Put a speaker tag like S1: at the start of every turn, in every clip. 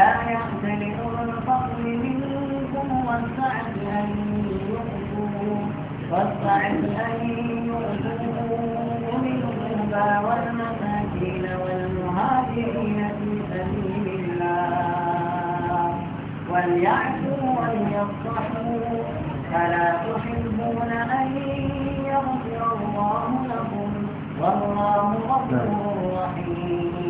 S1: لا يختلف الفضل منكم والسعة أن يؤتوا والسعة والمساكين والمهاجرين في سبيل الله وليعفوا وليصفحوا فلا تحبون أن يغفر الله لكم والله غفور رحيم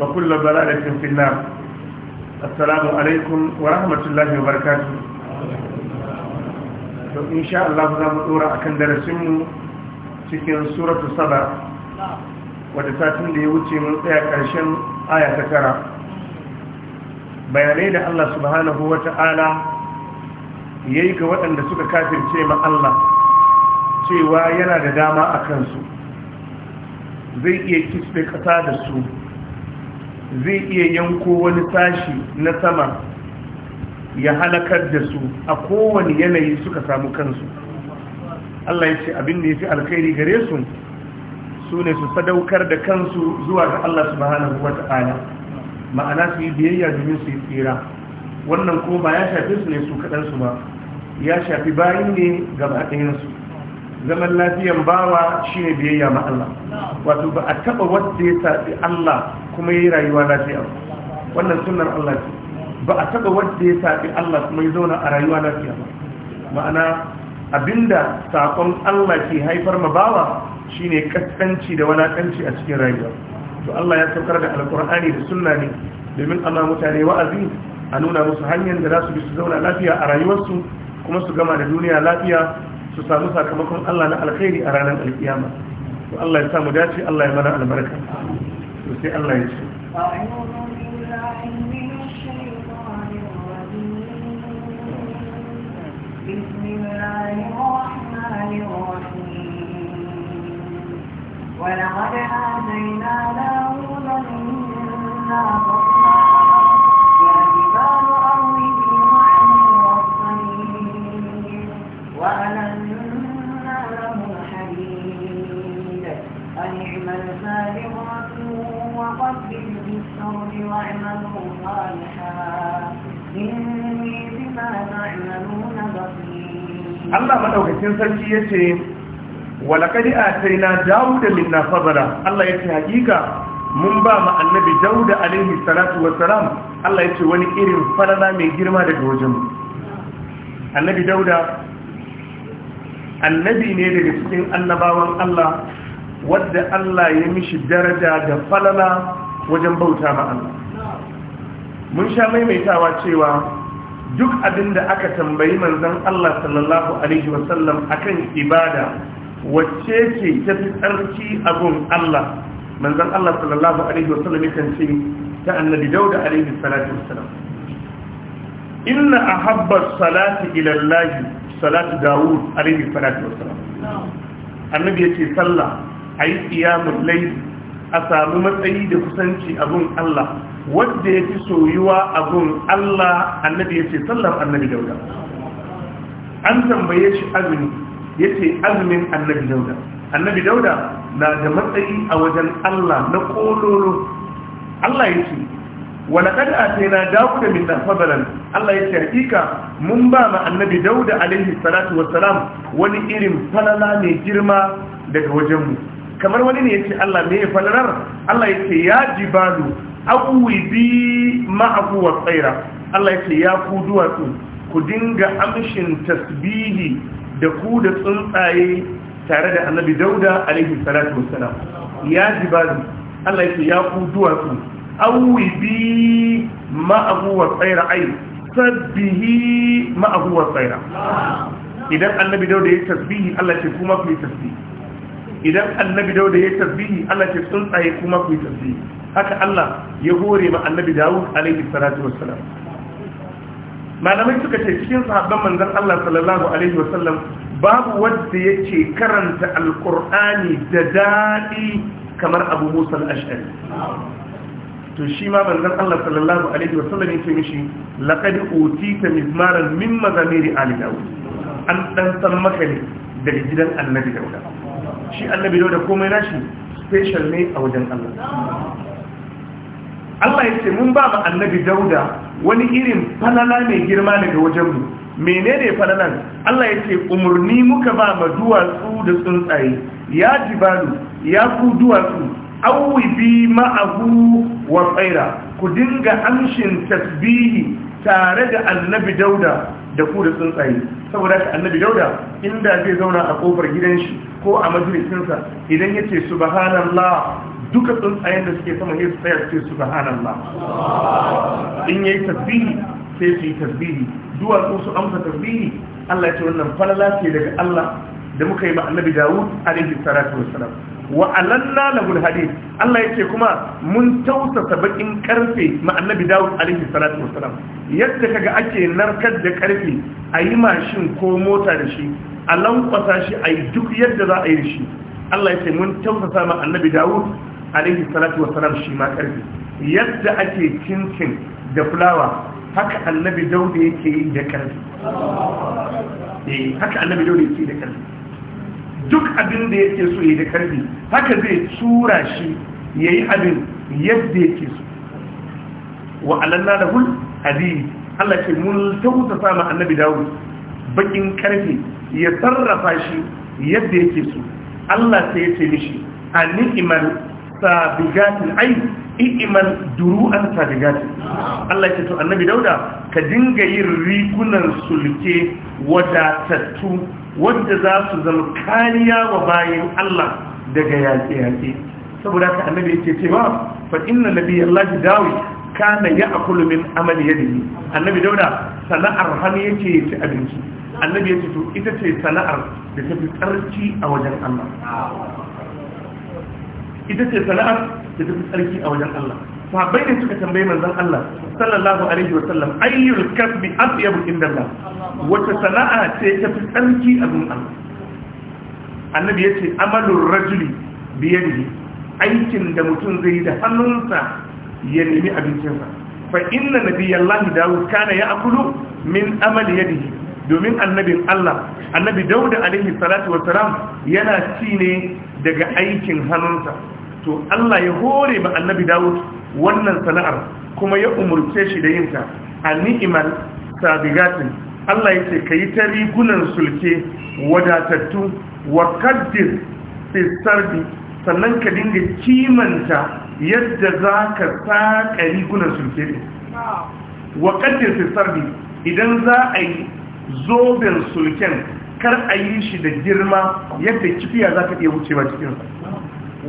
S2: وكل ضلالة في النار wa عليكم ورحمة الله وبركاته إن شاء الله za mu dora akan darasinmu cikin suratu saba wadda satin da ya wuce mun tsaya ƙarshen aya ta tara bayanai da Allah subhanahu wa ta'ala ya yi ga waɗanda suka kafirce ma Allah cewa yana da dama a kansu zai iya kisbe ƙasa da su zai iya yanko wani tashi na sama ya halakar da su a kowane yanayi suka samu kansu Allah ya ce abin da ya fi alkhairi gare su su ne su sadaukar da kansu zuwa ga Allah subhanahu wa ta'ala ma'ana su yi biyayya domin su yi tsira wannan ko ba ya shafi su ne su kaɗansu ba ya shafi bayin ne gaba ɗayansu zaman lafiyan bawa ne biyayya ma Allah wato ba a taba wanda ya tafi Allah kuma yayi rayuwa lafiya wannan sunnar Allah ce ba a taba wanda ya tafi Allah kuma ya zauna a rayuwa lafiya ba ma'ana abinda sakon Allah ke haifar ma bawa shine kaskanci da walakanci a cikin rayuwa to Allah ya saukar da alkur'ani da sunna ne domin Allah mutane wa'azi a nuna musu hanyar da za su bi su zauna lafiya a rayuwarsu kuma su gama da duniya lafiya su samu sakamakon Allah na alkhairi a ranar alkiyama to Allah ya samu dace Allah ya mana albarka to sai Allah ya ce
S1: بسم الله الرحمن الرحيم ولقد آتينا داود منا فضلا يا جبال أوبي معه والطير وأنا عمل فارغا وقبل بالصبر واعملوا صالحا إني بما تعملون بصير Allah madaukakin
S2: sarki ya ce, yace walaqad atayna dauda minna fadla Allah ya ce hakika mun ba mu annabi dauda alaihi salatu Salam. Allah ya ce wani irin farana mai girma daga wajen annabi dauda annabi ne daga cikin annabawan Allah wadda Allah ya mishi daraja da falala wajen bauta ma Allah mun sha maimaitawa cewa duk abin da aka tambayi manzon Allah sallallahu alaihi wasallam kan ibada wacce ke tafi tsarki abun Allah manzon Allah sallallahu alaihi wasallam yakan ce ta annabi Dauda alaihi salatu wassalam inna a habbar salatu ilallahi salatu Dawud alaihi salatu wassalam annabi ce sallah a yi ƙiyamun laifi a samu matsayi da kusanci abun Allah wadda ya fi soyuwa abun Allah annabi ya ce sallar annabi dauda an tambaye shi azumi ya ce azumin annabi dauda annabi dauda na da matsayi a wajen Allah na kololo Allah ya ce wani ƙada sai na dawo da minna fadalan Allah ya ce hakika mun ba ma annabi dauda alaihi salatu wassalam wani irin falala mai girma daga wajenmu kamar wani ne ya ce Allah me ya falalar Allah ya ce ya jibalu awwibi ma'ahu wa tsaira Allah ya ce ya ku duwatsu ku dinga amshin tasbihi da ku da tsuntsaye tare da Annabi Dauda alaihi salatu wassalam ya jibalu Allah ya ce ya ku duwatsu awwibi ma'ahu wa tsaira ai sabbihi ma'ahu wa tsaira idan Annabi Dauda ya tasbihi Allah ya ce kuma ku yi tasbihi idan annabi dauda ya tasbihi Allah ke tsuntsaye kuma ku tasbihi haka Allah ya hore ma annabi dawud alaihi salatu wassalam malamai suka ce cikin sahabban manzon Allah sallallahu alaihi wasallam babu wanda yake karanta alqur'ani da dadi kamar abu musa al-ash'ari to shi ma manzon Allah sallallahu alaihi wasallam yake mishi laqad utita mizmaran min mazamiri ali daud an dan san maka ne daga gidan annabi dauda shi annabi da komai nashi special ne a wajen Allah Allah ya ce mun ba ma annabi dauda wani irin falala mai girma daga wajenmu menene falalan Allah ya ce umarni muka ba ma duwatsu da tsuntsaye ya jibalu ya ku duwatsu auwi bi ma'ahu wa tsaira ku dinga amshin tasbihi tare da annabi dauda da ku da tsuntsaye saboda ka annabi dauda inda zai zauna a kofar gidanshi ko a majalisinsa idan ya ce subhanallah duka tsuntsayen da suke sama yesu tsaya ce subhanallah in ya yi tasbihi sai su yi tasbihi duwatsu su amsa tasbihi Allah ya ce wannan falala ce daga Allah da muka yi ma annabi Dawud alaihi salatu wa alalla lahul hadith Allah yake kuma mun tausasa bakin karfe ma annabi Dawud alaihi salatu wassalam yadda kaga ake narkar da karfe ayi mashin ko mota da shi a lankwasa shi ayi duk yadda za a yi shi Allah yake mun tausasa ma annabi Dawud alaihi salatu wassalam shi ma karfe yadda ake cincin da fulawa haka annabi Dawud yake yi da karfe eh haka annabi Dawud yake yi da karfe duk abin da yake so ya da karfi haka zai tura shi ya yi abin yadda yake so wa alanna da hul hadiri Allah ce mun tauta ma annabi dawo bakin karfe ya sarrafa shi yadda yake so Allah sai ya ce mishi a ni'imar sabigatin ai ni'imar duru'an sabigatin Allah ce to annabi dawo ka dinga yin rikunan sulke wadatattu wanda za su zama kariya wa bayan Allah daga yaƙe-yaƙe saboda ka annabi yake cewa fa inna nabiyallahi dawi kana ya'kulu min amali yadihi annabi dauda sana'ar hannu yake ci abinci annabi yake to ita ce sana'ar da ta fi tsarki a wajen Allah ita ce sana'ar da ta fi tsarki a wajen Allah sahabbai ne suka tambaye manzon Allah sallallahu alaihi wa sallam ayyul kasbi atyabu inda Allah wata sana'a ce ta fi tsarki a gun Allah annabi yace amalur rajuli bi yadihi aikin da mutum zai yi da hannunsa ya nemi abincinsa fa inna nabiyallahi dawud kana ya'kulu min amali yadihi domin annabin Allah annabi Dawud alaihi salatu wa salam yana ci ne daga aikin hannunsa to Allah ya hore ba annabi Dawud wannan sana'ar kuma ya umurce shi da yinta a ni'imal sabigatin Allah ya ce kayi ta rigunan sulke wadatattu wa kaddir fi sardi sannan ka dinga kimanta yadda za ka saka rigunan sulke ne wa kaddir fi sardi idan za a yi zoben sulken kar a yi shi da girma yadda kifiya za ka iya wucewa cikinsa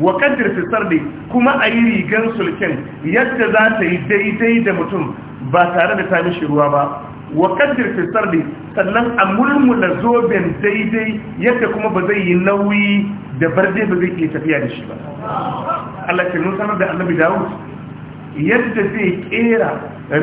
S2: wa kaddir fi sardi kuma a yi rigan sulkin yadda za ta yi daidai da mutum ba tare da ta mishi ruwa ba wa kaddir fi sardi sannan a mulmula zoben daidai yadda kuma ba zai yi nauyi da barde ba zai tafiya da shi ba Allah ke nun sanar da annabi Dawud yadda zai kera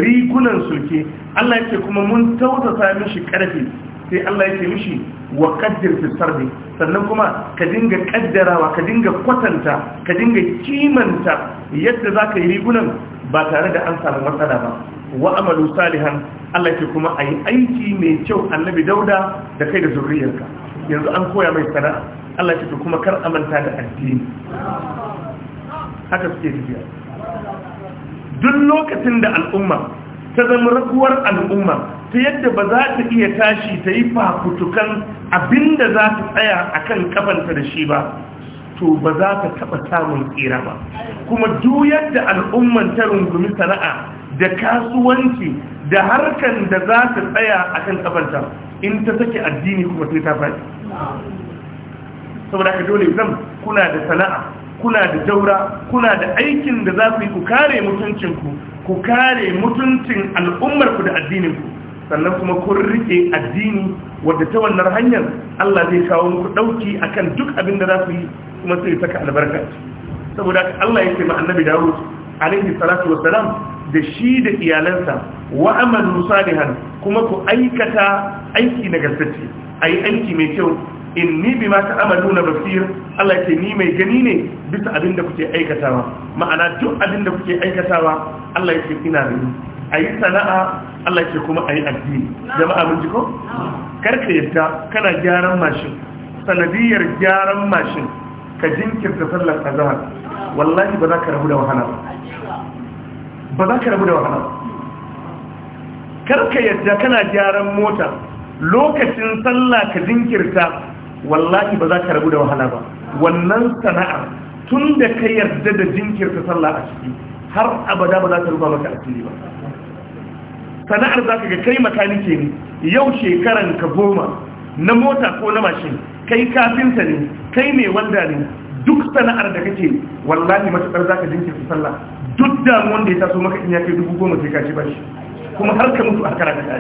S2: rigunan sulke Allah yake kuma mun tautasa mishi karfi sai Allah yake mishi wa kaddir sardi sannan kuma ka dinga kaddarawa ka dinga kwatanta ka dinga kimanta yadda za ka yi rigunan ba tare da an samu matsala ba wa amalu salihan Allah ke kuma a yi aiki mai kyau annabi dauda da kai da zurriyarka yanzu an koya mai sana'a Allah ke kuma kar amanta da addini haka suke tafiya duk lokacin da al'umma ta zama raguwar al'umma ta yadda ba za ta iya tashi ta yi fafutukan abinda za ta tsaya a kan kafanta da shi ba to ba za ta taɓa samun tsira ba kuma duk yadda al'umman ta rungumi sana'a da kasuwanci da harkan da za ta tsaya a kan kafanta in ta sake addini kuma sai ta faɗi saboda ka dole zan kuna da sana'a kuna da daura, kuna da aikin da za ku yi ku kare mutuncinku ku kare mutuncin al'ummarku da addininku sannan kuma kun rike addini wadda ta wannan hanyar Allah zai kawo muku dauki akan duk abin da za ku yi kuma sai saka albarka saboda Allah ya kai ma annabi Dawud alaihi salatu wassalam da shi da iyalansa wa amalu salihan kuma ku aikata aiki na gaskiya ayi aiki mai kyau inni bima ta'maluna basir Allah yake ni mai gani ne bisa abin da kuke aikatawa ma'ana duk abin da kuke aikatawa Allah yake ina gani ayi sana'a Allah yake kuma ayi addini jama'a mun ji ko karka yadda kana gyaran mashin sanadiyar gyaran mashin ka jinkirta sallar azhar wallahi ba za ka rabu da wahala ba za ka rabu da wahala karka yadda kana gyaran mota lokacin sallah ka jinkirta wallahi ba za ka rabu da wahala ba wannan sana'ar tun da ka yarda da jinkirta sallah a ciki har abada ba za ta ruba maka asiri ba sana'ar za ka ga kai makanike ne yau shekaran ka goma na mota ko na mashin kai kafinta ne kai mai wanda ne duk sana'ar da kake wallahi matuƙar za ka jinkirta sallah duk damuwan da ya taso maka in ya kai dubu goma sai ka ci bashi kuma har ka mutu a kara ka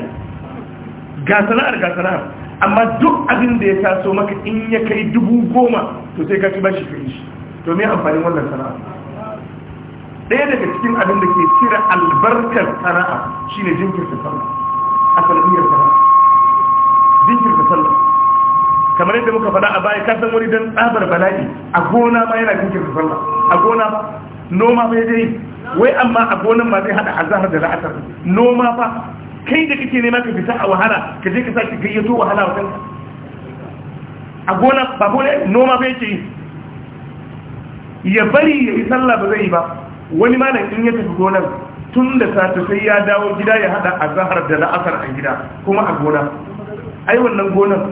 S2: ga sana'ar ga sana'ar amma duk abin da ya taso maka in ya kai dubu goma to sai ka ci bashi kudin shi to me amfanin wannan sana'a ɗaya daga cikin abin da ke cire albarkar sana'a shine jinkirta sallah a sanadiyar sana'a jinkirta sallah kamar yadda muka faɗa a baya ka san wani dan tsabar bala'i a gona ma yana jinkirta sallah a gona ba noma ba ya dai wai amma a gonan ma zai hada azahar da la'asar noma ba kai da kake nema ka fita a wahala ka je ka sake gayyato wahala wa kanka a gona ba gona noma bai ce ya bari ya yi sallah ba zai yi ba wani malam in ya tafi gonar tun da sata sai ya dawo gida ya hada a zahar da la'asar a gida kuma a gona ai wannan gonar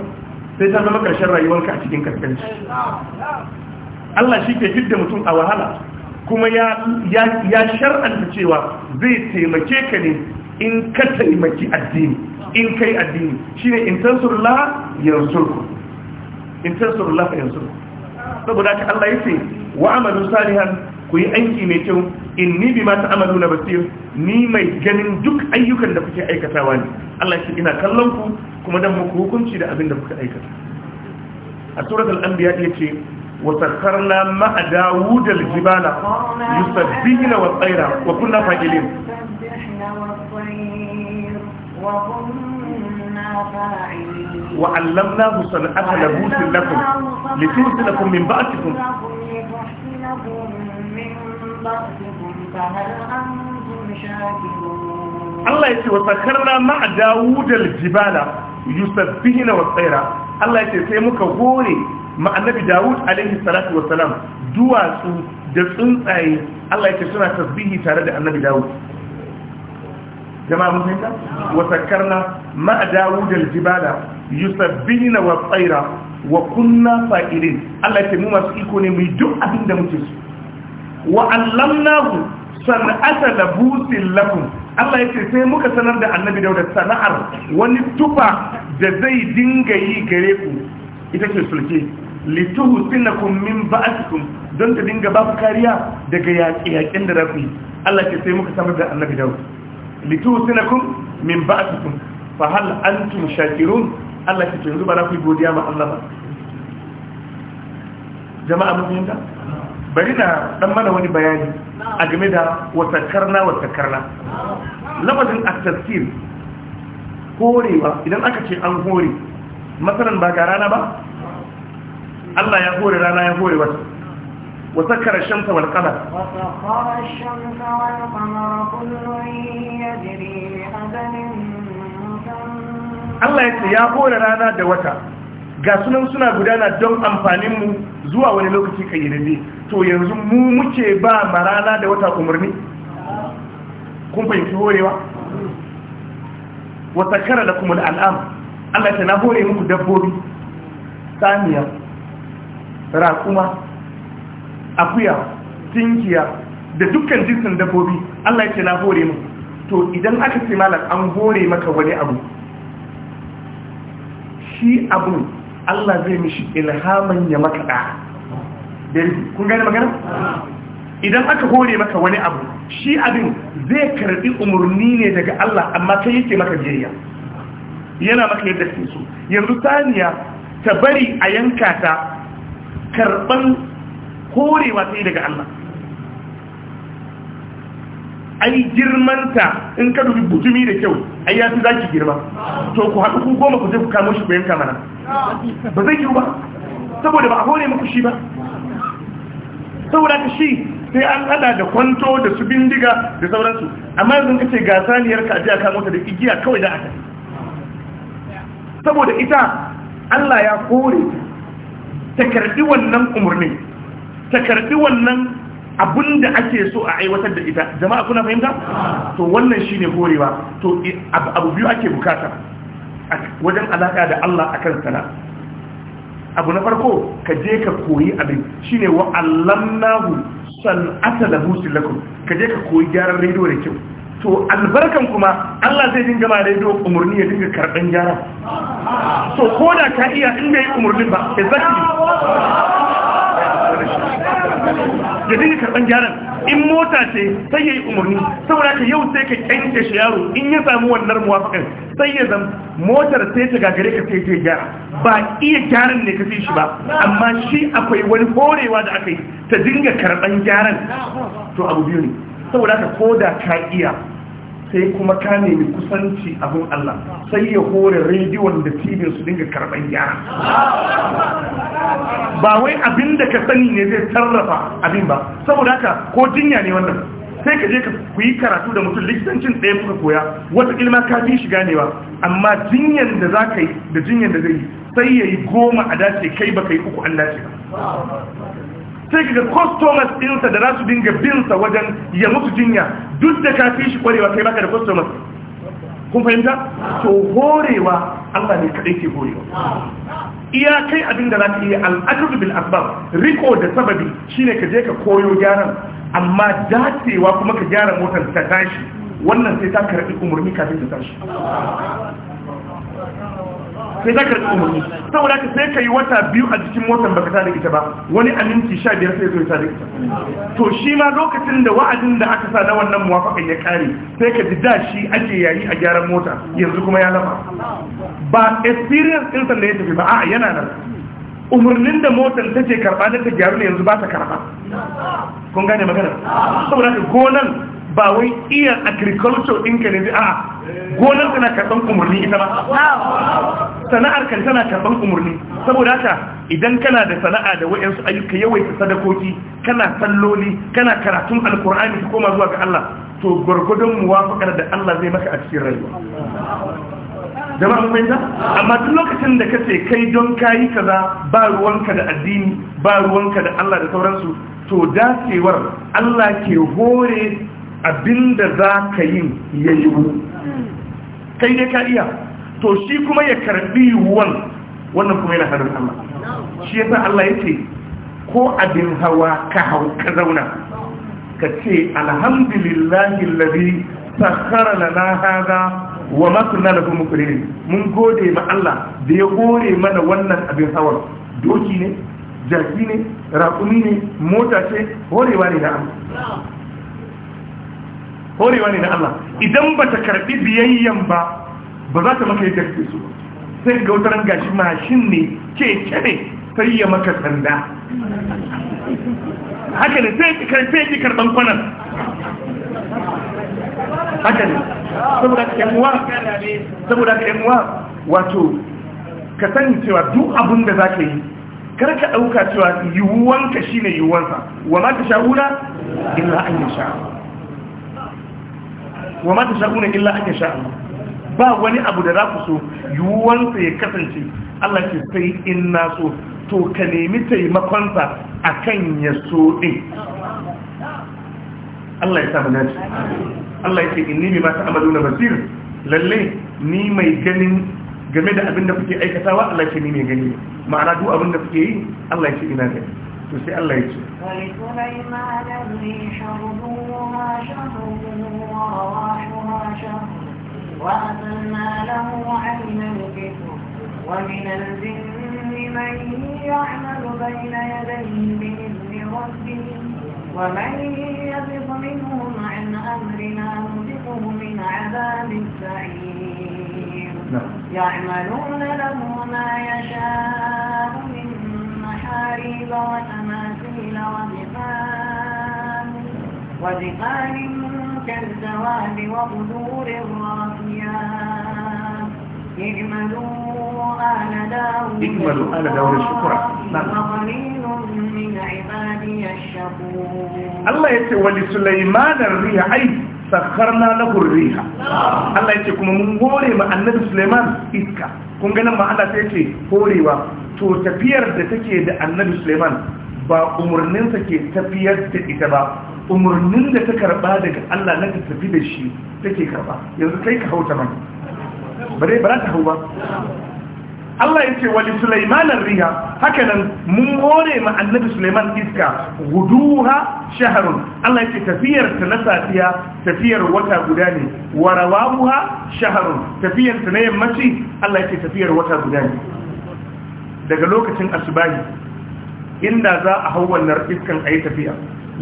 S2: sai ta zama karshen rayuwarka a cikin kaskanci Allah shi ke fidda mutum a wahala kuma ya shar'anta cewa zai taimake ka ne in ka taimaki addini in kai addini shine in tansurullah yansurku in saboda ka Allah ce wa amalu salihan ku yi aiki mai kyau in ni bi mata ta'amalu na basir ni mai ganin duk ayyukan da kuke aikatawa ne Allah ya ce ina kallon ku kuma dan muku hukunci da abin da kuka aikata a suratul anbiya yace وسخرنا مع داوود الجبال يسبحن wa kunna فاعلين
S1: وعلمناه صنعة لبوس لكم لتوزنكم من بأسكم Allah ya ce wa sakarna
S2: ma'a Dawudal jibala yusabbihina wa tsaira Allah ya ce sai muka gore ma annabi Dawud alaihi salatu wassalam duwatsu da tsuntsaye Allah ya ce suna tasbihi tare da annabi Dawud jama'a mun fahimta wa sakkarna ma dawud aljibala yusabbihuna wa tsaira wa kunna fa'ilin Allah ya mu su iko ne mu duk abin da muke su wa allamnahu san'ata labusin lakum Allah ya ce sai muka sanar da annabi dauda sana'ar wani tufa da zai dinga yi gare ku ita ce sulke lituhu sinakum min ba'atikum don ta dinga ba ku kariya daga yaƙe-yaƙen da rafi Allah ke sai muka sanar da annabi dauda litusinakum min ba'dikum fa hal antum shakirun Allah ke tunzu bana ku godiya ma Allah ba jama'a mun yanda bari na dan mana wani bayani a game da watakarna watakarna lafazin at-tafsir horewa idan aka ce an hore masalan ba ga rana ba Allah ya hore rana ya hore wata وسكر الشمس والقمر
S1: وسخر الشمس والقمر كل يجري لأجل Allah ya ce ya
S2: hore rana da wata ga sunan suna gudana don amfaninmu zuwa wani lokaci kayyanabe to yanzu mu muke ba ma rana da wata umarni kun fahimci horewa wata kara da kuma al'am Allah ya ce na hore muku dabbobi saniya raƙuma akuya tinkiya da dukkan jinsin dabbobi Allah yake na hore mu to idan aka ce malam an hore maka wani abu shi abu Allah zai mishi ilhaman ya maka da kun gane magana idan aka hore maka wani abu shi abin zai karbi umarni ne daga Allah amma kai yake maka biyayya yana maka yadda kake so yanzu saniya ta bari a yanka ta karban korewa yi daga Allah ai girmanta in ka dubi butumi da kyau ai ya fi za ki girma to ku haɗu ku goma ku je ku kamo shi ku yanka mana ba zai yiwu ba saboda ba a hore muku shi ba saboda ka shi sai an haɗa da kwanto da su bindiga da sauransu amma yanzu ka ce ga saniyar ka ajiya kamo ta da igiya kawai da aka saboda ita Allah ya kore ta karbi wannan umarnin ta karbi wannan abin da ake so a aiwatar da ita jama'a kuna fahimta to wannan shi ne horewa to abu biyu ake bukata wajen alaka da Allah a kan sana abu na farko ka je ka koyi abin shi ne wa nahu san'ata labusin lakum ka je ka koyi gyaran rediyo da kyau to albarkan kuma Allah zai dinga ma rediyo umarni ya dinga karɓan gyara so ko da ka iya inda yi umarnin ba exactly da dinga karban gyaran in mota ce sai ya yi umarni saboda ka yau sai ka kyanke shi yaro in ya samu wannan muwafakan sai ya zama motar sai ta gagare ka sai ta gyara ba iya gyaran ne ka shi ba amma shi akwai wani horewa da aka yi ta dinga karban gyaran to abu biyu ne saboda ka koda ka iya sai kuma ka nemi kusanci abin Allah sai ya hore rediyon da tibin su dinga karɓar gyara ba wai abin da ka sani ne zai sarrafa abin ba saboda haka ko jinya ne wannan sai ka je ka yi karatu da mutum likitancin ɗaya kuka koya wata ilma ka fi shiga ne ba amma jinyan da za ka yi da jinyan da zai yi sai ya yi goma a dace kai ba ka yi uku an dace
S3: ba
S2: sai ka ga thomas ɗinsa da za su dinga binsa wajen ya mutu jinya duk da ka fi shi kwarewa kai baka da thomas kun fahimta to horewa Allah ne kadai ke horewa iya kai abin da zaka yi iya bil asbab riko da sababi shine ka je ka koyo gyaran amma dacewa kuma ka gyara motar ta tashi wannan sai ta karbi umarni kafin ta tashi
S3: sai ta karbi umarni
S2: saboda ka sai ka yi wata biyu a jikin motar baka tada ita ba wani a minti sha biyar sai zai tada ita to shi ma lokacin da wa'adin da aka sa na wannan muwafakan ya kare sai ka ji da shi ake yayi a gyaran mota yanzu kuma ya lafa ba experience din da ya tafi ba a'a yana nan umarnin da motar take karba da ta gyaru ne yanzu ba ta karba
S3: kun gane magana saboda
S2: ka gonan ba wai iya agriculture ɗinka ne a gonar tana karɓar umarni ita ba sana'ar kan tana karɓar umarni saboda ka idan kana da sana'a da wa'yansu ayyuka yawaita sadakoki kana salloli kana karatun alkur'ani ka koma zuwa ga Allah to gwargwadon muwafakar da Allah zai maka a cikin rayuwa jama'a mun fahimta amma duk lokacin da kace kai don kayi kaza ba ruwanka da addini ba ruwanka da Allah da sauransu to dacewar Allah ke hore abinda za ka yi ya yiwu kai ne ka iya to shi kuma ya karbi yiwuwan wannan kuma yana hannun Allah shi yasa Allah ya ce ko abin hawa ka hau ka zauna ka ce alhamdulillahi lalabi lana hada wa makunna lahu mukrimin mun gode ma Allah da ya gore mana wannan abin hawar doki ne jaki ne raƙumi ne mota ce horewa ne da'a. amma horewa ne na Allah idan ba ta karbi biyayyan ba ba za ta maka yadda kake sai ga wutar gashi mashin ne keke ne sai ya maka sanda haka ne sai ki karban kwanan
S3: haka ne saboda ka yamuwa saboda ka yamuwa
S2: wato ka sani cewa duk abin da za ka yi kar ka ɗauka cewa yiwuwanka shi ne yiwuwansa wa ma ta sha'ura illa an yi sha'a wa ma sha'una illa ake yasha ba wani abu da za ku so yiwuwansa ya kasance Allah ke sai in na so to ka nemi taimakonsa akan ya so din Allah ya sa mu Allah ya ce mata Amadu na basir lalle ni mai ganin game da abin da kuke aikatawa Allah ce ni mai gani ma'ana duk abin da kuke yi Allah ya ce ina gani to sai
S3: Allah ya ce
S1: wa وأتنا له عين الكفر ومن الجن من يعمل بين يديه بإذن ربه ومن يزغ منهم عن أمرنا نذقه من عذاب السعير نعم. يعملون له ما يشاء من محاريب وتماثيل وزقان وزقان كالذواب وغدور الراسيات اعملوا آل داود اعملوا وقليل من عبادي الشكور الله
S2: riha Allah yake kuma mun gore ma annabi Sulaiman iska kun ga nan ma Allah yake horewa to tafiyar da take da annabi Sulaiman ba umarninsa ke tafiyar da ita ba umarnin da ta karba daga Allah na tafi da shi take karba yanzu kai ka hauta mana bare ba ta hau ba Allah ya ce wa li Sulaiman riha haka nan mun more ma annabi Sulaiman iska guduha shahrun Allah ya ce tafiyar ta na safiya tafiyar wata guda ne wa rawabuha shahrun tafiyar ta na yammaci Allah ya tafiyar wata guda ne daga lokacin asubahi inda za a hau wannan iskan a yi tafiya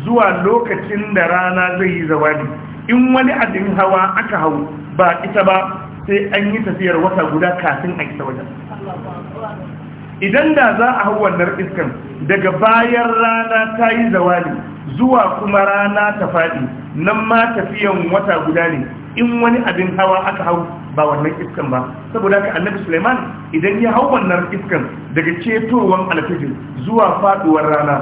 S2: zuwa lokacin da rana zai yi zawani, in wani abin hawa aka hau ba ita ba sai an yi tafiyar wata guda kafin a isa wajen idan da za a hau wannan iskan daga bayan rana ta yi zawani, zuwa kuma rana ta faɗi nan ma tafiyan wata guda ne in wani abin hawa aka hau ba wannan iskan ba saboda ka annabi Suleiman idan ya hau wannan iskan daga cetowan alfijin zuwa faduwar rana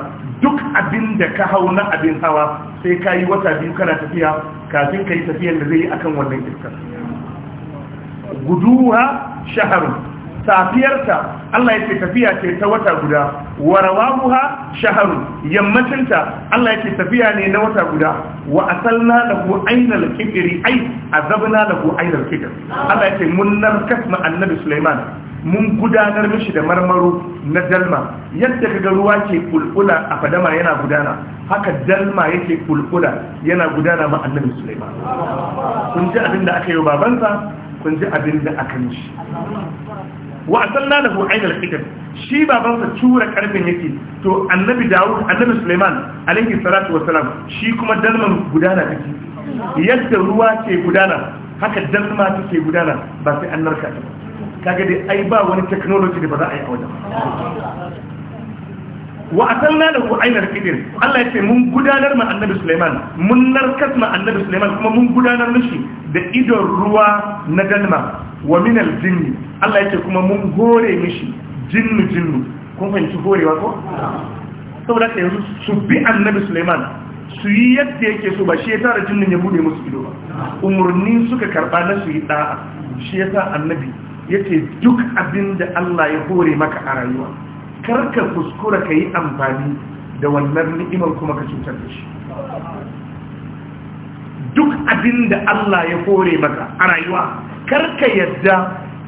S2: duk abin da ka hau na abin hawa sai ka yi wata biyu kana tafiya kafin ka yi tafiyar da zai yi akan wannan iskan guduwa shahar safiyarta Allah ya ce tafiya ce ta wata guda wa rawabuha shaharu yammacinta Allah ya ce tafiya ne na wata guda wa asalna lahu ainal kibri ai azabna lahu ainal kibr Allah ya ce mun narkas ma annabi Sulaiman mun gudanar mishi da marmaro na dalma yadda kaga ruwa ke kulkula a fadama yana gudana haka dalma yake kulkula yana gudana ma annabi Sulaiman kun ji abin da aka yi babansa kun ji abin da aka mishi wa asalna lahu hikam shi baban sa tura karfin yake to annabi Dawud annabi Sulaiman alaihi salatu wassalam shi kuma dalman gudana take yadda ruwa ke gudana haka dalma take gudana ba sai an narka ta kaga dai ai ba wani technology da ba za a yi a wajen wa da lahu ainar kidir Allah yace mun gudanar ma annabi Sulaiman mun narkas ma annabi Sulaiman kuma mun gudanar mishi da idon ruwa na dalma wa min jinn Allah yace kuma mun gore mishi jinnu jinnu kun fahimci gorewa ko saboda ka su bi annabi Sulaiman su yi yadda yake so ba shi yasa da jinnin ya bude musu ido ba umurni suka karba na su yi da'a shi yasa annabi yace duk abin da Allah ya hore maka a rayuwa karka kuskura ka yi amfani da wannan ni'imar kuma ka cutar da shi duk abin da Allah ya kore maka a rayuwa karka yadda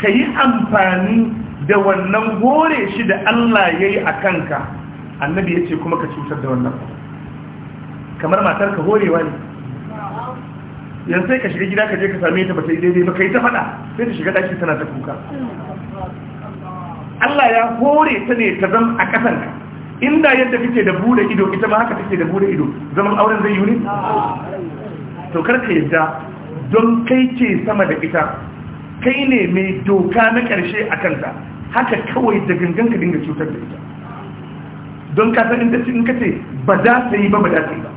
S2: ka yi amfani da wannan gore shi da Allah ya yi a kanka annabi ya ce kuma ka cutar da wannan kamar matar ka horewa ne yanzu sai ka shiga gida ka je ka same ta ba ta yi daidai ba ka yi ta faɗa sai ta shiga ɗaki tana ta kuka Allah ya hore ta ne ta zama a ƙasar ka inda yadda kake da bude ido ita ma haka take da bude ido zaman auren zai yi ne to karka yadda don kai ce sama da ita kai ne mai doka na ƙarshe a kanta haka kawai da gangan ka dinga cutar da ita don ka san inda in ka ce ba za ta yi ba ba za ta yi ba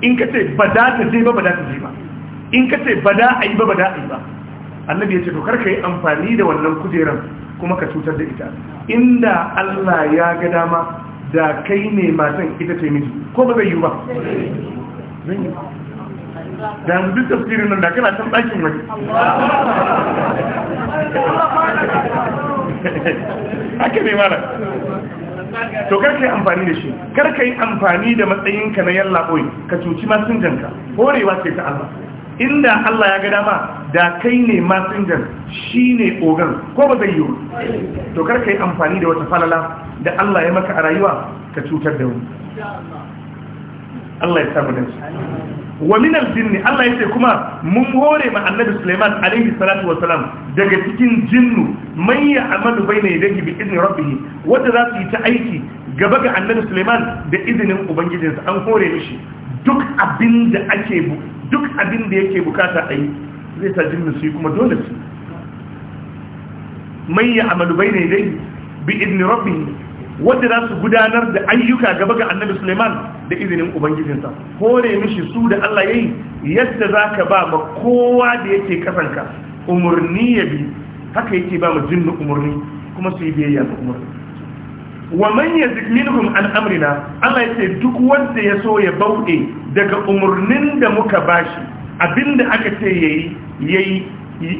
S2: in ka ce ba za ta je ba ba za ta je ba in ka ce ba za a yi ba ba za a yi ba annabi ya ce to karka yi amfani da wannan kujeran kuma ka cutar da ita inda Allah ya ga dama da kai ne matan ita ce miji ko ba zai yi ba da yanzu duk tafsirin nan da kana can ɗakin wani
S3: haka ne mara to karka yi amfani
S2: da shi karka yi amfani da matsayinka na yalla ka cuci masinjanka horewa ce ta Allah inda Allah ya ga dama da kai ne masinjan shi ne ogan ko ba zai yi to kar ka yi amfani da wata falala da Allah ya maka a rayuwa ka cutar da wani Allah ya samu shi wa min jinni Allah Allah ce kuma mun hore ma Annabi Sulaiman alaihi salatu wa salam daga cikin jinnu man ya'malu bayna yadayhi bi idni rabbih wanda za su yi ta aiki gaba ga Annabi Sulaiman da izinin ubangijinsa an hore mishi duk abin da ake duk abin da yake bukata a yi zai sa jinnu su kuma dole su mai ya amalu bai ne dai bi idni rabbi wadda za su gudanar da ayyuka gaba ga annabi suleiman da izinin ubangijinsa hore mishi su da allah ya yi yadda za ka ba ma kowa da yake kasanka umarni ya bi haka yake ba ma jinnu umarni kuma su yi biyayya ga umarni wa man yazik minhum an amrina Allah yace duk wanda ya so ya bauɗe daga umurnin da muka bashi abinda aka ce yayi yayi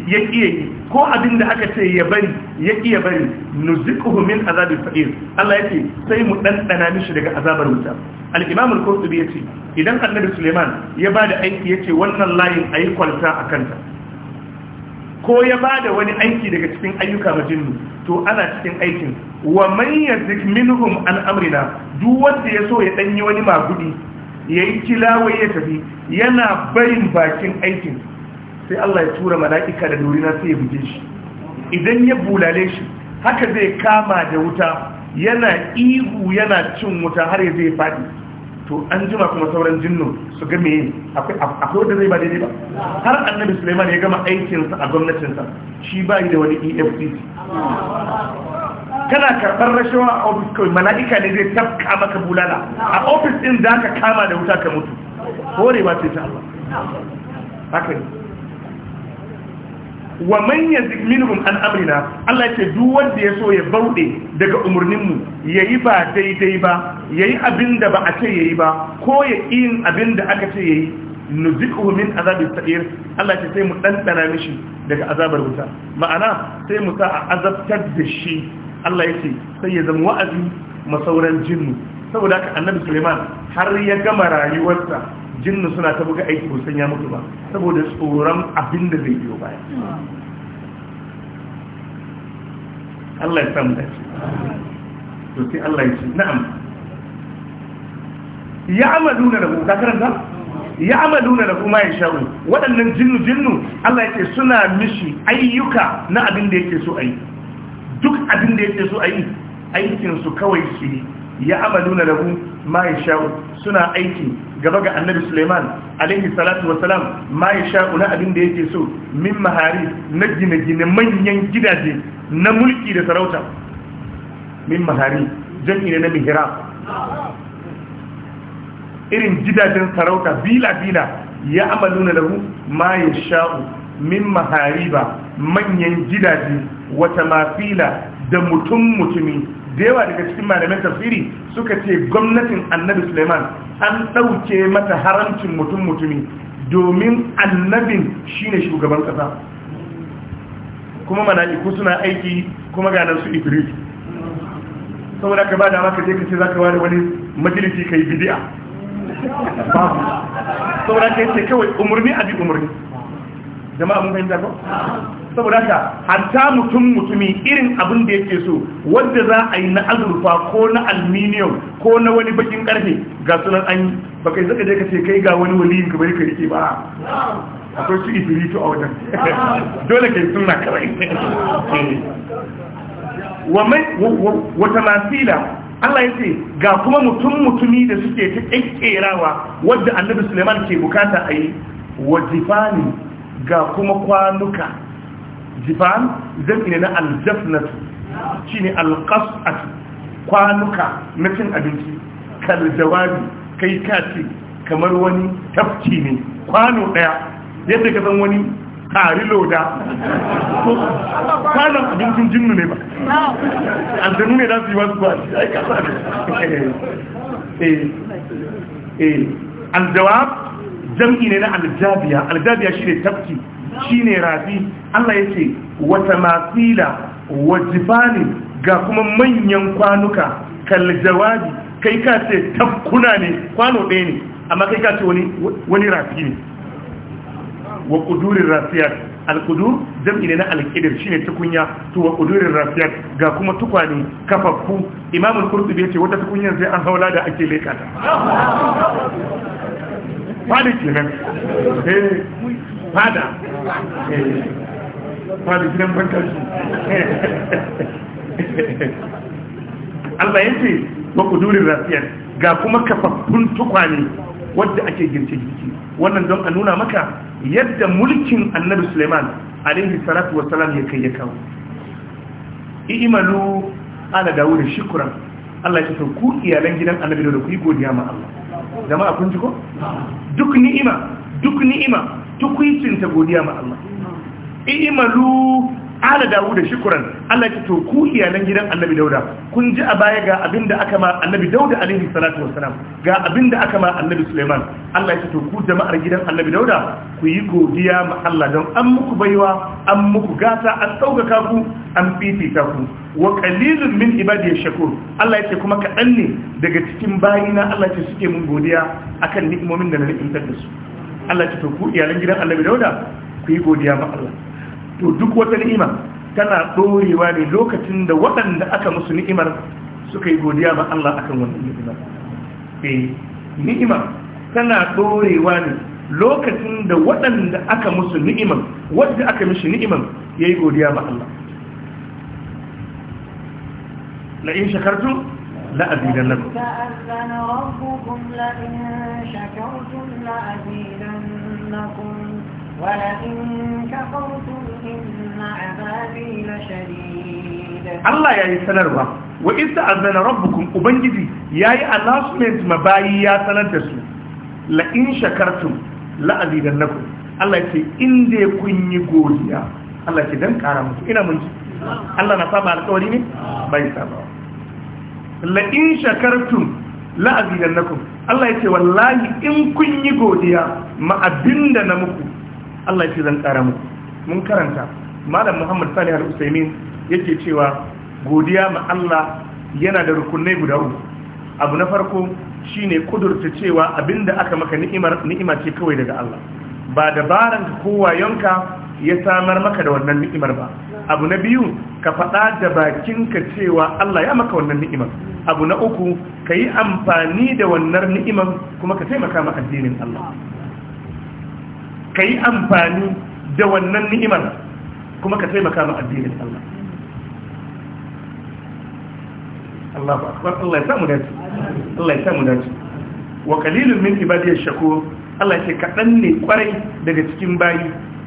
S2: ya yi ko abinda aka ce ya bari ya iya bari nuzikuhu min azabin sa'ir Allah yace sai mu ɗanɗana mishi daga azabar wuta al-imam al-qurtubi yace idan annabi Suleiman ya ba da aiki yace wannan layin ayi kwalta kanta. ko ya ba da wani aiki daga cikin ayyuka majinnu to ana cikin aikin wa man yazik minhum an amrina duk wanda ya so ya danyi wani magudi yayi kilawai ya tafi yana barin bakin aikin sai Allah ya tura mala'ika da dorina sai ya buge shi idan ya bulale shi haka zai kama da wuta yana ihu yana cin wuta har ya zai fadi to an jima kuma sauran jinnu su ga meye akwai wanda zai ba daidai ba har annabi suleiman ya gama aikinsa a gwamnatinsa shi ba yi da wani efcc kana karɓar rashawa a ofis kawai mala'ika ne zai tafka maka bulala a ofis ɗin za ka kama da wuta ka mutu ba ce ta Allah haka ne wa manyan yazig minhum an amrina Allah ce duk wanda ya so ya bauɗe daga umarnin mu yayi ba daidai ba yayi abin da ba a ce yayi ba ko ya yin abin aka ce yayi nuziquhu min azabil sa'ir Allah ce sai mu ɗanɗana mishi daga azabar wuta ma'ana sai mu sa a azabtar da shi Allah yace sai ya zama wa'azi masauran jinnu saboda haka annabi Suleiman har ya gama rayuwarsa jinnu suna ta buga aiki kusan ya mutu ba saboda tsoron abin da zai biyo baya Allah ya samu dace to sai Allah ya ce na'am ya na da ka karanta ya na lahu ma ya sha'u waɗannan jinnu jinnu Allah ya ce suna mishi ayyuka na abin da yake so ayi duk abin da yake so ayi aikin su kawai shi ya amaluna lahu ma sha'u, suna aiki gaba ga annabi Suleiman alaihi salatu salam. ma sha'u, na abin da yake so min mahari na gine-gine manyan gidaje na mulki da sarauta min mahari jam'i ne na mihira irin gidajen sarauta bila-bila ya amaluna lahu ma sha'u, min mahari ba, manyan gidaje wata mafila da mutum mutumi da yawa daga cikin malamin tafsiri suka ce gwamnatin annabi suleiman an ɗauke mata haramcin mutum mutumi domin annabin shine shugaban ƙasa kuma mana'iku suna aiki kuma ganar su ifiri saboda ka ba da maka je ka ce za ka ware wani majalisi ka yi bidiya
S3: babu saboda ka yi
S2: ce kawai umarni a bi umarni jama'a mun fahimta ko saboda ka hatta mutum mutumi irin abin da yake so wanda za a yi na azurfa ko na alminiyon ko na wani bakin karfe ga sunan an yi ba kai zaka je ka ce kai ga wani waliyin ka bari ka rike ba akwai su to a wajen dole kai suna kawai
S3: wa
S2: mai wata masila Allah ya ce ga kuma mutum mutumi da suke ta ƙirƙirawa wadda annabi Suleiman ke bukata a yi wajifani ga kuma kwanuka jifan zan ne na aljafnatu shi ne alƙas'atu kwanuka na cin abinci kaljawabi kai kati kamar wani tafci ne kwano ɗaya yadda ka san wani ƙari loda ko kwanon abincin jinnu ne ba aljanu ne za su yi wasu kwanci shi ai kasa ne eh, eh, eh. aljawab jam'i ne na aljabiya aljabiya shi ne tafci. shine rafi Allah ya ce wata masila wajifani ga kuma manyan kwanuka kal jawabi kai ka ce tafkuna ne kwano ɗaya ne amma kai ka ce wani rafi ne wa ƙudurin rafiyar alkudur jam'i ne na shi ne tukunya to wa ƙudurin rafiyar ga kuma tukwane kafaffu imamul qurtubi yace wata tukunyar zai an haula da ake leka fada fada gidan bankar su Allah ya ce wa rafiyar ga kuma kafaffun tukwane wadda ake girce jiki. wannan don a nuna maka yadda mulkin annabi suleiman alaihi salatu salam ya kai ya kawo imalu ala dawo da shukura Allah ya ku iyalan gidan annabi da ku yi godiya ma Allah jama'a kun ji ko duk ni'ima duk ni'ima tukwicin ta godiya ma Allah i'malu ala da shukran Allah ya to ku iyalan gidan annabi dauda kun ji a baya ga abinda aka ma annabi dauda alaihi salatu wassalam ga abinda aka ma annabi suleiman Allah ya to ku jama'ar gidan annabi dauda ku yi godiya ma Allah don an muku baiwa an muku gata an tsaukaka ku an fifita ku wa qalilun min ibadi shakur Allah yake kuma kaɗan ne daga cikin bayina Allah ya suke mun godiya akan ni'imomin da na ni'imtar da su Allah ce to ku iyalan gidan Annabi Dauda ku yi godiya ma Allah to duk wata ni'ima tana dorewa ne lokacin da waɗanda aka musu ni'imar suka yi godiya ma Allah akan wannan ni'imar eh ni'ima tana dorewa ne lokacin da waɗanda aka musu ni'imar wanda aka mishi ni'imar yayi godiya ma Allah la in shakartum لأزيدنكم
S1: تأذن ربكم لئن شكرتم لأزيدنكم ولئن كفرتم إن عذابي لشديد
S2: الله يا سنروا وإذ تأذن ربكم أبنجدي يا announcement mabayi ya sanar da su la in shakartum la Allah ce in dai kun yi godiya Allah ce dan kara mutu ina mun Allah na saba alƙawari ne bai saba la in shakartum la azidannakum Allah yace wallahi in kun yi godiya ma abinda na muku Allah yace zan kara muku mun karanta malam Muhammad Salih Al-Utsaimin yake cewa godiya ma Allah yana da rukunai guda uku abu na farko shine kudurta cewa abinda aka maka ni'imar ni'ima ce kawai daga Allah ba dabaran kowayonka ya samar maka da wannan ni'imar ba abu na biyu ka faɗa da bakinka cewa Allah ya maka wannan ni'imar abu na uku ka yi amfani da wannan ni'imar kuma ka taimaka ma addinin Allah ka yi amfani da wannan ni'imar kuma ka taimaka ma addinin Allah Allah ba Allah ya samu dace Allah ya samu dace wa qalilun min ibadiyash shakur Allah ya ce kaɗan ne kwarai daga cikin bayi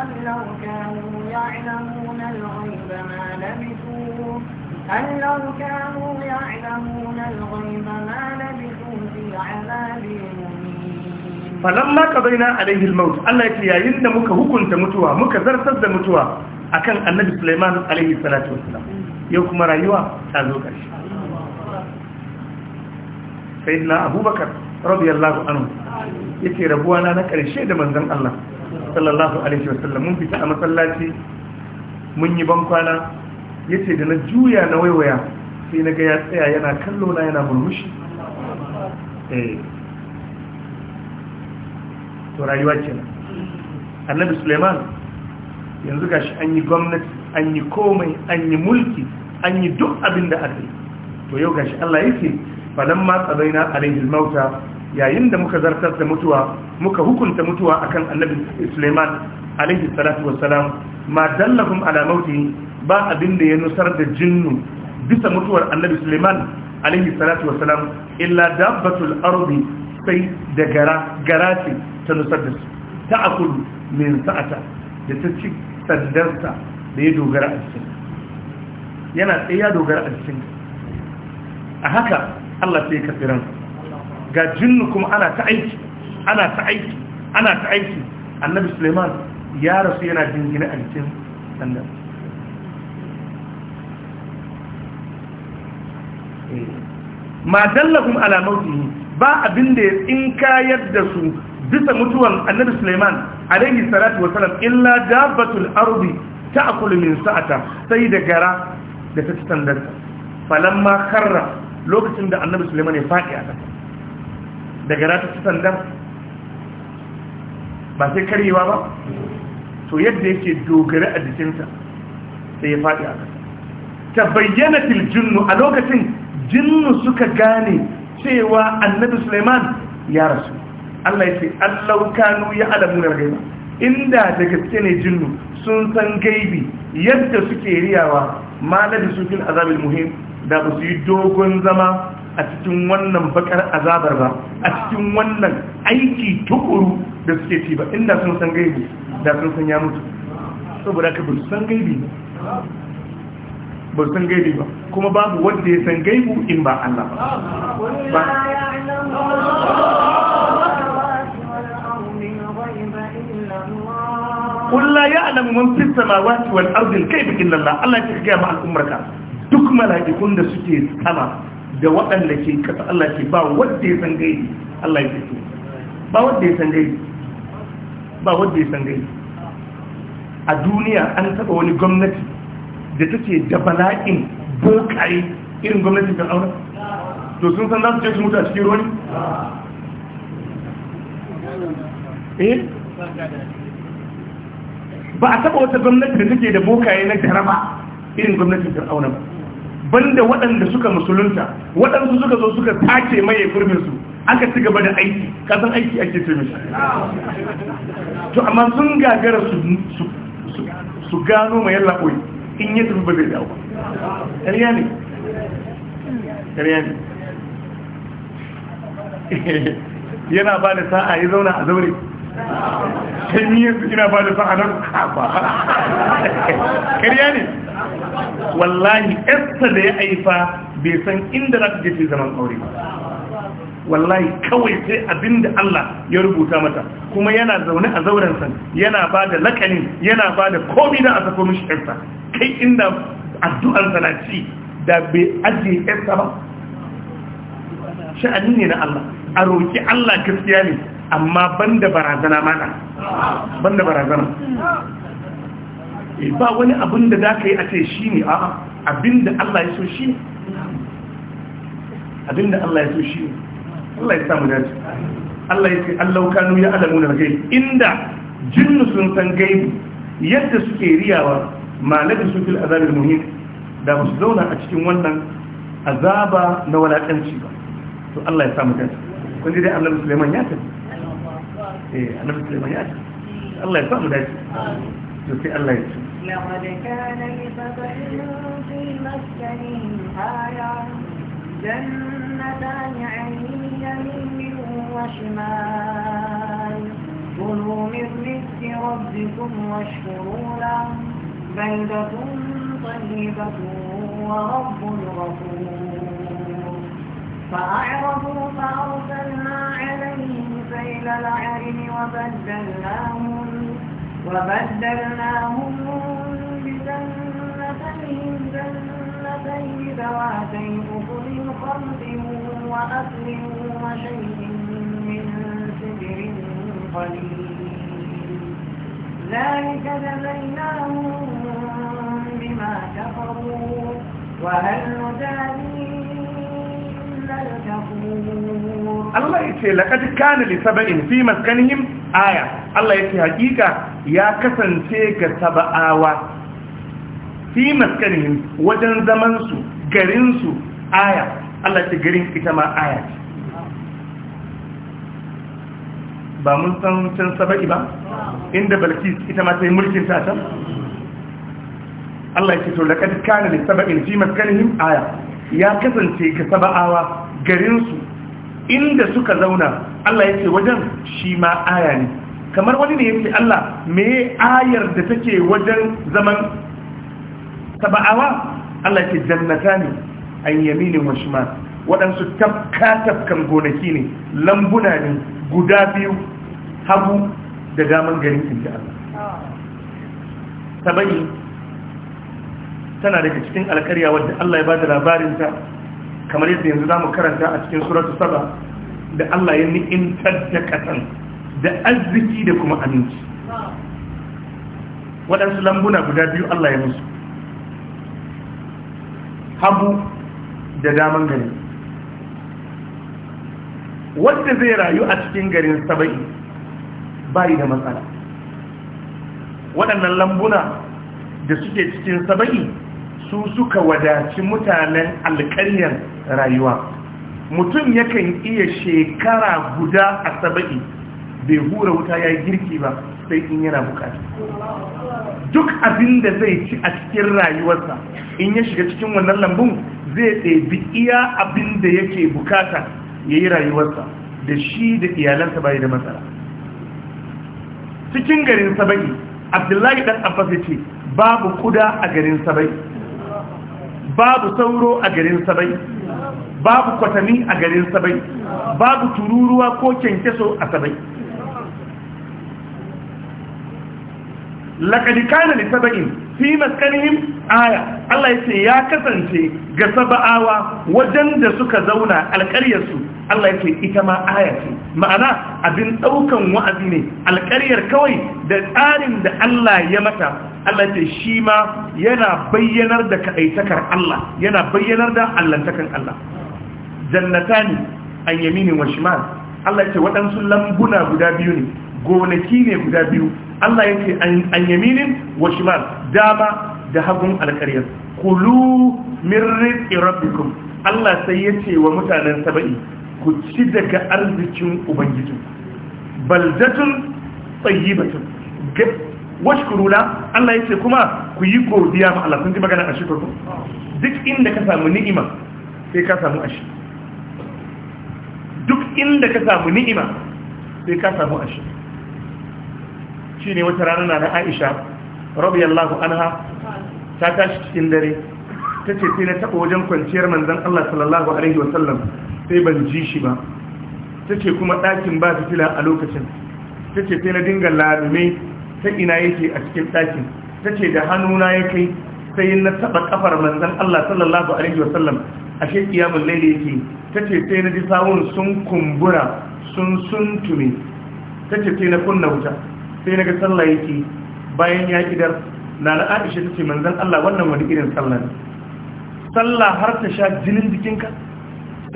S1: أن لو كانوا يعلمون الغيب ما لبثوا أن لو كانوا في عذاب
S2: فلما قضينا عليه الموت الله يكلي يعيننا مكا هكو انت متوى مكا زرسة متوى أكان النبي سليمان عليه الصلاة والسلام يوكما رأيوه تازوك عشي سيدنا أبو بكر رضي الله عنه يتي ربوانا نكري شيء دمان ذن الله sallallahu alaihi wasallam mun fita a masallaci mun yi bankwana yace da na juya na waiwaya sai na ga ya tsaya yana kallo na yana murmushi eh to rayuwa ce annabi suleiman yanzu gashi an yi gwamnati an yi komai an yi mulki an yi duk abin da aka to yau gashi Allah yake falamma tsabaina alaihi mauta yayin da muka zartar da mutuwa muka hukunta mutuwa akan annabi Suleiman alaihi salatu wassalam ma dallahum ala mauti ba abin da ya nusar da jinnu bisa mutuwar annabi Suleiman alaihi salatu wassalam illa dabbatul ardi sai da gara gara ta nusar da su ta'akul min sa'ata da ta ci sandarsa da ya dogara a cikin yana tsaye ya dogara a cikin a haka Allah sai ka tsiransa ga jinnu kuma ana ta aiki ana ta aiki ana ta aiki annabi suleiman ya rasu yana jingina a jikin annabi eh, ma dallahum ala mautihi ba abin da in kayar da su bisa mutuwan annabi suleiman a alaihi salatu wasalam illa dabbatul ardi ta'kulu min sa'ata sai da gara da ta Falon ma karra lokacin da annabi suleiman ya faɗi a ƙasa daga rata su sandan ba sai karyewa ba to yadda yake dogara a jikinta sai ya faɗi a ƙasa ta bayyana tiljinnu a lokacin jinnu suka gane cewa annabi suleiman ya rasu allah ya ce allaukanu ya alamunar gaiba inda da gaske ne jinnu sun san gaibi yadda suke riyawa ma na da sufin azabin muhim da ba su yi dogon zama a cikin wannan bakar azabar ba a cikin wannan aiki tukuru da suke ci ba inda sun san gaibi da sun san ya mutu saboda ka bin san gaibi ne ba san gaibi ba kuma babu wanda ya san gaibu in ba Allah ba kulla ya alamu man fi samawati wal ardi kai, kayfa illa Allah Allah ya gaya ma al'ummarka duk mala'ikun da suke sama da waɗanda ke kasa Allah ke, ba wadda ya san gaibi Allah ya fito ba wadda ya san gaibi ba wadda ya san gaibi a duniya an taɓa wani gwamnati da take da bala'in bokaye irin gwamnati kan aure to sun san za su ce su mutu a cikin ruwan? eh ba a taɓa wata gwamnati da take da bokaye na jaraba irin gwamnatin fir'auna ba banda waɗanda suka musulunta waɗansu suka zo suka tace maye gurbinsu aka ci gaba da aiki kasan aiki ake ce mishi to amma sun gagara su gano mai yalla in ya tafi ba zai dawo ƙarya ne ƙarya ne yana ba da sa'a ya zauna a zaure Sai miyar su ina ba da sa'a nan ƙarya ne wallahi yarsa da ya haifa bai san inda za ta je zaman aure wallahi kawai sai abin da Allah ya rubuta mata kuma yana zaune a zaurensa yana ba da lakanin yana ba da komi don a sako mishi yarsa kai inda addu'arsa na ci da bai ajiye yarsa ba sha'ani ne na Allah a roƙi Allah gaskiya ne amma banda barazana mana banda barazana ba wani abin da za ka yi a ce shi ne a abin da Allah ya so shi ne abin da Allah ya so shi ne Allah ya samu dace Allah ya ce Allah kanu ya alamu na gai inda jinnu sun san gaibi yadda suke riyawa ma labi su fil azabil muhim da ba su zauna a cikin wannan azaba na walakanci ba to Allah ya samu dace kun ji dai annabi Sulaiman ya
S3: tafi
S2: eh annabi Sulaiman
S4: ya tafi Allah ya samu dace يطيع الله يسوع
S1: لقد كان لفتح في مسكنهم آية جنتان عن يمين وشمال كلوا من رزق ربكم واشكروا له بلدة طيبة ورب غفور فأعرضوا فأرسلنا عليهم سيل العرم وبدلناهم وبدلناهم بجنتين جنتين ذواتي أكل خمط وأكل وشيء من سدر قليل ذلك جزيناهم بما كفروا وهل نجازي إلا الكفور الله يقول
S2: لقد كان لسبأ في مسكنهم آية الله يقول حقيقة ya kasance ga saba'awa fi maskarihim wajen zamansu garinsu aya Allah ce garin ita ma aya ce ba mun san can saba'i ba inda balkis ita ma ta yi mulkin ta can Allah ya ce to da kad kana li saba'in fi maskarihim aya ya kasance ga saba'awa garinsu inda suka zauna Allah ya ce wajen shi ma aya ne kamar wani ne yake Allah me ayar da take wajen zaman saba'awa Allah ke jannata ne an yaminin wa waɗansu tafka tafkan gonaki ne lambuna ne guda biyu hagu da daman garin inda Allah saba'i tana daga cikin alkarya wadda Allah ya ba da labarinta kamar yadda yanzu za mu karanta a cikin suratu saba da Allah ya ni'intar da kasan da arziki da kuma aminci waɗansu lambuna guda biyu Allah ya musu hagu da daman gari wanda zai rayu a cikin garin saba'i bayi da matsala waɗannan lambuna da suke cikin saba'i su suka wadaci mutanen alƙaryar rayuwa mutum yakan iya shekara guda a saba'i bai hura wuta ya girki ba sai in yana bukata duk abin da zai ci a cikin rayuwarsa in ya shiga cikin wannan lambun zai ɗabi iya abin da yake bukata ya yi rayuwarsa da shi da iyalansa bai da matsala cikin garin saba'i abdullahi ɗan abbas ce babu kuda a garin saba'i babu sauro a garin saba'i babu kwatami a garin saba'i babu tururuwa ko kyankyaso a saba'i laƙadi kana saba'in sab'in fi maskanihim aya Allah ya ce ya kasance ga sab'awa wajen da suka zauna alƙaryar su Allah ce ita ma aya ce ma'ana abin ɗaukan wa'azi ne alƙaryar kawai da tsarin da Allah ya mata Allah ce shi ma yana bayyanar da kaɗaitakar Allah yana bayyanar da allantakan Allah jannata ne an yamini wa shimal Allah ce waɗansu lambuna guda biyu ne gonaki ne guda biyu Allah yake an yaminin wa shimal dama da hagun alkaryar kulu min rizqi rabbikum Allah sai yace wa mutanen saba'i ku ci daga arzikin ubangiji baldatun tayyibatun washkuru la Allah yace kuma ku yi godiya ma Allah sun ji magana a shukuru duk inda ka samu ni'ima sai ka samu ashi duk inda ka samu ni'ima sai ka samu ashi shine wata rana na Aisha radiyallahu anha ta tashi cikin dare tace sai na taba wajen kwanciyar manzon Allah sallallahu alaihi wasallam sai ban ji shi ba tace kuma ɗakin ba su fitila a lokacin tace sai na dinga lalume ta ina yake a cikin ɗakin tace da hannuna ya kai sai na taba kafar manzon Allah sallallahu alaihi wasallam ashe kiyamul layli yake tace sai na ji sawun sun kumbura sun suntume tace sai na kunna wuta sai na sallah yake bayan ya kidar na da aisha ta ce manzan Allah wannan wani irin sallah ne sallah har ta sha jinin jikinka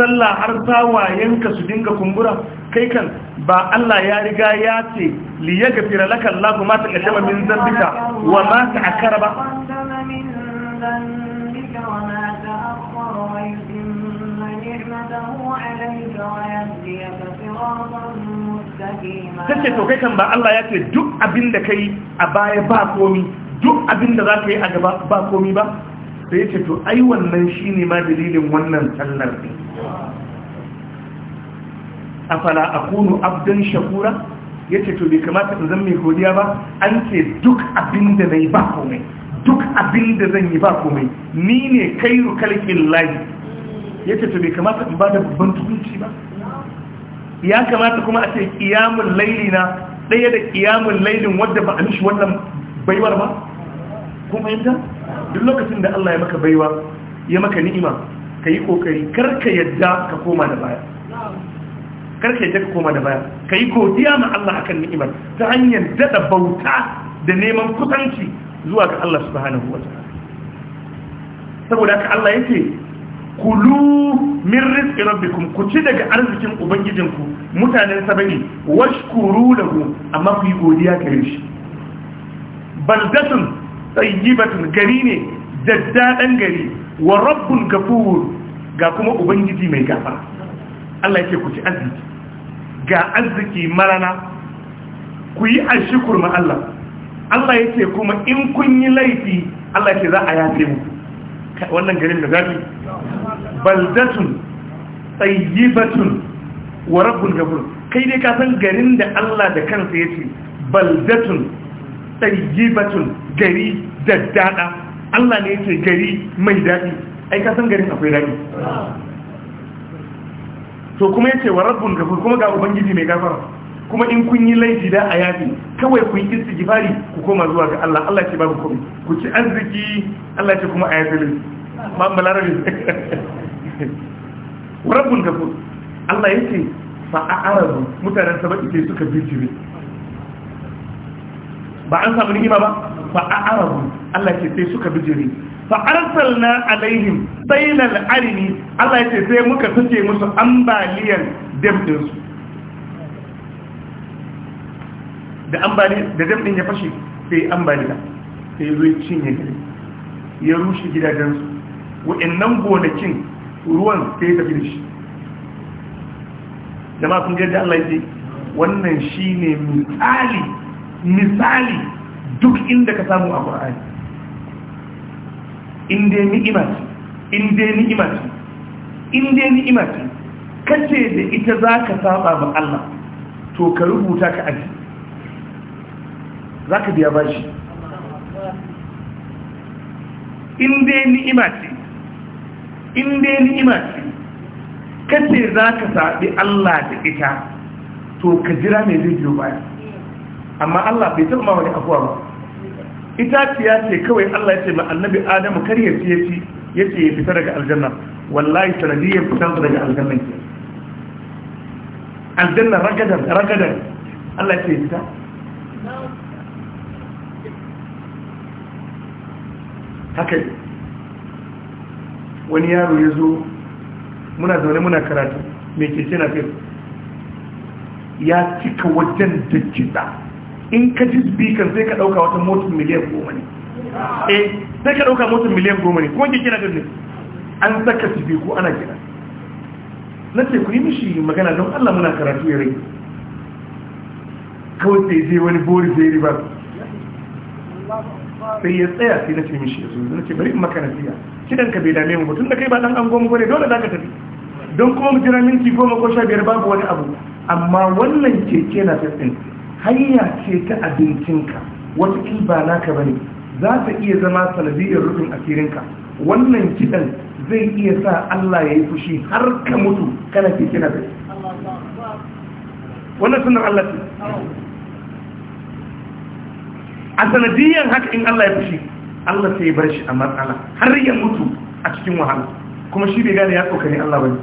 S2: sallah har ta tawayenka su dinga kumbura kai kan ba Allah ya riga ya ce li ya gafira laka Allah ma ta kaddama min zambika wa ma ta akara ba
S1: نعمته عليك ويهديك صراطا مستقيما تكي تو
S2: با الله duk abin da yi a baya ba komi duk abin da ka yi a gaba ba komi ba sai ce to ai wannan ne ma dalilin wannan sallar ne a kunu abdan shakura ce to bai kamata in zan mai godiya ba an ce duk abin da ba komai duk abin da zan yi ba komai ni ne kairu kalkin lahi ya ce to bai kamata in ba da babban tukunci ba ya kamata kuma a ce kiyamun laili na ɗaya da kiyamun lailin wadda ba a mishi wannan baiwar ba Kuma yadda duk lokacin da Allah ya maka baiwa ya maka ni'ima ka yi kokari karka yadda ka koma da baya karka yadda ka koma da baya ka yi godiya ma Allah akan ni'imar ta hanyar daɗa bauta da neman kusanci zuwa ga Allah subhanahu wa ta'ala saboda haka Allah yake kulu min rizqi rabbikum ku ci daga arzikin ubangijinku mutanen sabani washkuru lahu amma ku yi godiya gare shi baldatun tayyibatun gari ne daddadan gari wa rabbun gafur ga kuma ubangiji mai gafara Allah yake ku ci arziki ga arziki marana ku yi ashukur ma Allah Allah yake kuma in kun yi laifi Allah yake za a yafe mu wannan garin da zafi baldatun tsayyibatun wa rabbul gafur kai dai ka san garin da Allah da kansa ya ce baldatun tsayyibatun gari daddada Allah ne ya ce gari mai daɗi ai ka san garin akwai daɗi to kuma ya ce wa rabbul gafur kuma ga ubangiji mai gafara kuma in kun yi laifi da a yafi kawai kun yi istighfari ku koma zuwa ga Allah Allah ce babu komai ku ci arziki Allah ce kuma a yafi ba balarabi wa rabbul ghafur Allah yake fa a'rabu mutanen sa baki suka bijire ba an samu ni'ima ba fa a'rabu Allah yake sai suka bijire fa arsalna alaihim al arimi Allah yake sai muka sake musu ambaliyan damdin su da ambali da damdin ya fashe sai ambaliya sai zo cinye gari ya rushe gidajen su, wa'annan gonakin ruwan sai tafi da shi jama'a kun gaji Allah yake wannan shine misali misali duk inda ka samu a Qur'ani in dai ni'ima ce in dai ni'ima ce in dai ni'ima ce kace da ita zaka saba ma Allah to ka rubuta ka aji zaka biya bashi in dai ni'ima ce in dai ni'ima ce kace za ka saɓi Allah da ita to ka jira mai zai biyo baya amma Allah bai taɓa ma wani abuwa ba ita ce kawai Allah ya ce ma annabi Adamu kar ya ce ya ce ya fita daga aljanna wallahi ya fitar daga aljanna ke aljanna ragadar ragadar Allah ya ce ya fita haka wani yaro ya zo muna zaune muna karatu mai keke na fil ya cika wajen da kiɗa in ka ji speaker sai ka ɗauka wata motar miliyan goma ne eh sai ka ɗauka motar miliyan goma ne kuma keke na ne an saka su ko ana gina na ce ku yi mishi magana don allah muna karatu ya rai kawai sai zai wani bori zai riba sai ya tsaya sai na ce mishi ya zo na ce bari in maka nasiha kidan ka bai dame mu tun da kai ba dan an goma bane dole zaka tafi don kuma mu jira minti goma ko sha biyar babu wani abu amma wannan keke na tsatsin hanya ce ta abincinka wata in ba naka bane za ta iya zama sanadiyar rufin asirinka wannan kidan zai iya sa Allah ya yi fushi har ka mutu kana keke na tsatsin wannan sunan Allah ce a sanadiyan haka in Allah ya fushi Allah sai ya bar shi a matsala har ya mutu a cikin wahala kuma shi bai gane ya tsokane Allah bane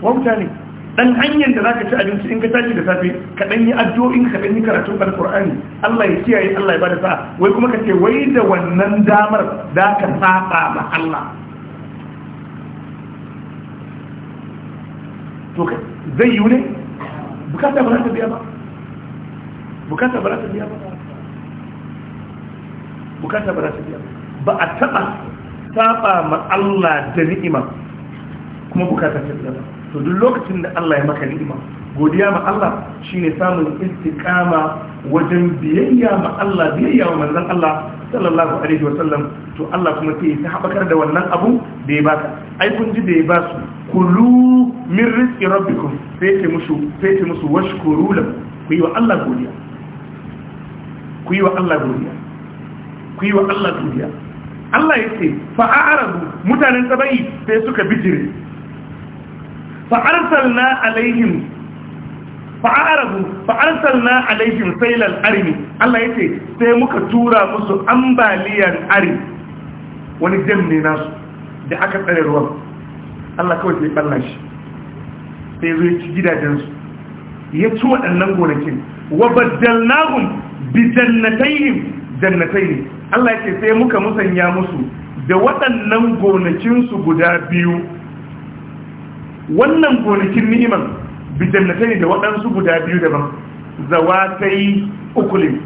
S2: wauta ne dan hanyar da zaka ci abinci in ka tashi da safe ka dan yi addu'o'in ka dan yi karatun alqur'ani Allah ya kiyaye Allah ya bada sa'a wai kuma ka ce wai da wannan damar da ka saba ma Allah to zai yi ne bukata ba za ta biya ba bukata ba za ta biya ba bukata ba za ta biya ba a taɓa saɓa ma Allah da ni'ima kuma bukata ta biya ba to duk lokacin da Allah ya maka ni'ima godiya ma Allah shine samun istiqama wajen biyayya ma Allah biyayya wa manzon Allah sallallahu alaihi wasallam to Allah kuma sai ya habakar da wannan abu da ya baka ai kun ji da ya ba su kulu min rizqi rabbikum sai ce musu sai ce musu washkuru lahu ku yi wa Allah godiya ku yi wa Allah godiya ku yi wa Allah godiya Allah ya ce fa'arabu mutanen sabai sai suka bijire fa'arsalna alaihim fa'arabu fa'arsalna alaihim sailal arimi Allah ya ce sai muka tura musu ambaliyar arim wani jam nasu da aka tsare ruwan Allah kawai sai balla shi sai zo ya ci gidajensu ya ci waɗannan gonakin wa baddalnahum bi jannatayhim jannatayni Allah yake sai muka musanya musu da waɗannan gonakin su guda biyu wannan gonakin ni'iman bi jannatayni da waɗansu guda biyu daban zawatai ukulin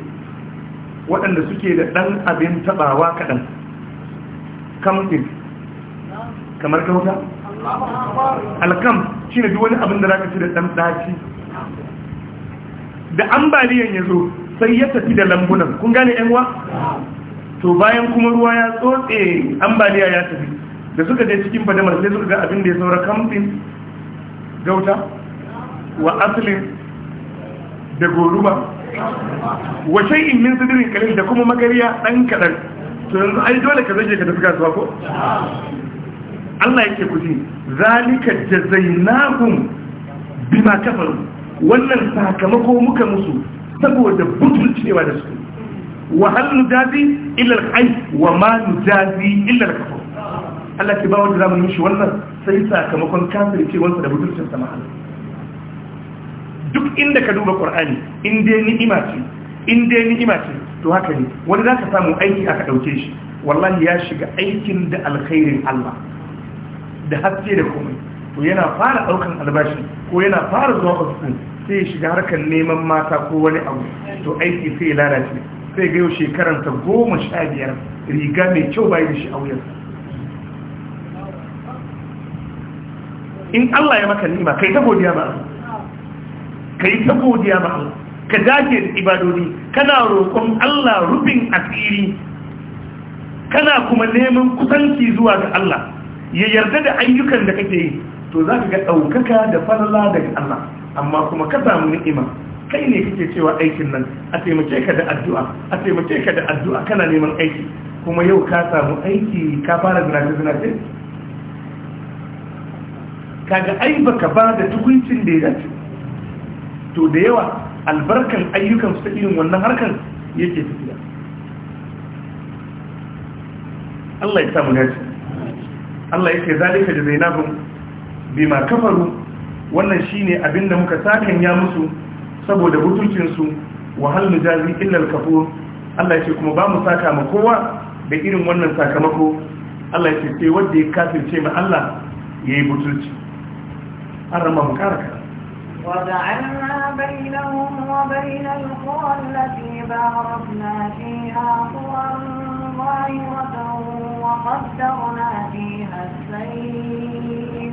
S2: waɗanda suke da ɗan abin tabawa kaɗan kamfin kamar kauta alkam shi ne duk wani abin da za ka ci da ɗan ɗaci da ambaliyan ya zo sai ya tafi da lambunan kun gane yan to bayan kuma ruwa ya tsotse ambaliya ya tafi da suka je cikin fadamar sai suka ga abin da ya saura kamfin gauta wa asalin da goruba wa shay'in min sidrin kalil da kuma magariya dan kadan to yanzu ai dole ka zage ka tafi kasuwa ko Allah yake kuji zalika jazainahum bima kafaru wannan sakamako muka musu saboda butulcewa da su wahal nujazi ilal hayy wa ma nujazi ilal kafur Allah ke ba wanda zamu yi shi wannan sai sakamakon kafircewansa da butulcin sa duk inda ka duba Qur'ani in dai ni'ima ce in dai ni'ima ce to haka ne wani zaka samu aiki aka dauke shi wallahi ya shiga aikin da alkhairin Allah da haske da komai to yana fara daukan albashi ko yana fara zuwa office sai shiga harkar neman mata ko wani abu to aiki sai lalace sai ga yau ta goma sha biyar riga mai kyau bayan shi a wuyarsa in Allah ya maka nima kai ta godiya ba kai ta godiya ba ka dage da ibadodi kana roƙon Allah rufin asiri kana kuma neman kusanci zuwa ga Allah ya yarda da ayyukan da kake yi to za ka ga ɗaukaka da falala daga Allah amma kuma ka samu ni'ima kai ne kake cewa aikin nan a taimake ka da addu'a a taimake ka da addu'a kana neman aiki kuma yau ka samu aiki ka fara zinace zinace kaga ai baka ba da tukuncin da ya dace to da yawa albarkan ayyukan su ta irin wannan harkan yake tafiya Allah ya samu gaci Allah ya ce zalika zainabun bima kafaru wannan shine abin da muka sakan ya musu saboda butuncinsu wahal mujazi illa al-kafur Allah ce kuma ba mu saka ma kowa da irin wannan sakamako Allah ya ce sai wanda ya kafirce ma Allah yayi butulci an rama mu karaka
S1: وَجَعَلْنَا بَيْنَهُمْ وَبَيْنَ الْقُرَى الَّتِي بَارَكْنَا فِيهَا قُرًى ظاهرة وَقَدَّرْنَا فِيهَا السَّيْرَ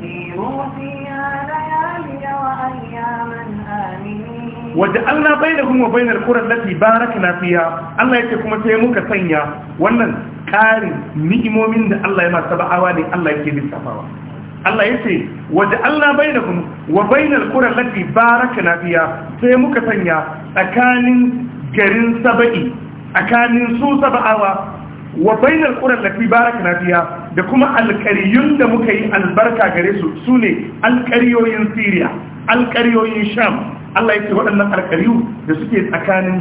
S1: سيروا فيها ليالي وأياما آمنين وجعلنا
S2: بينهم وبين القرى التي باركنا فيها الله yake kuma sai muka sanya wannan ƙarin ni'imomin da Allah ya masa ba'awa ne Allah yake lissafawa Allah yace waja'alna bainahum wa bainal qura allati baraka fiha sai muka sanya tsakanin garin saba'i tsakanin su saba'awa wa bainal quran lati barakna fiha da kuma alqariyun da muka yi albarka gare su sune alqariyoyin Syria alqariyoyin Sham Allah yake waɗannan alqariyu da suke tsakanin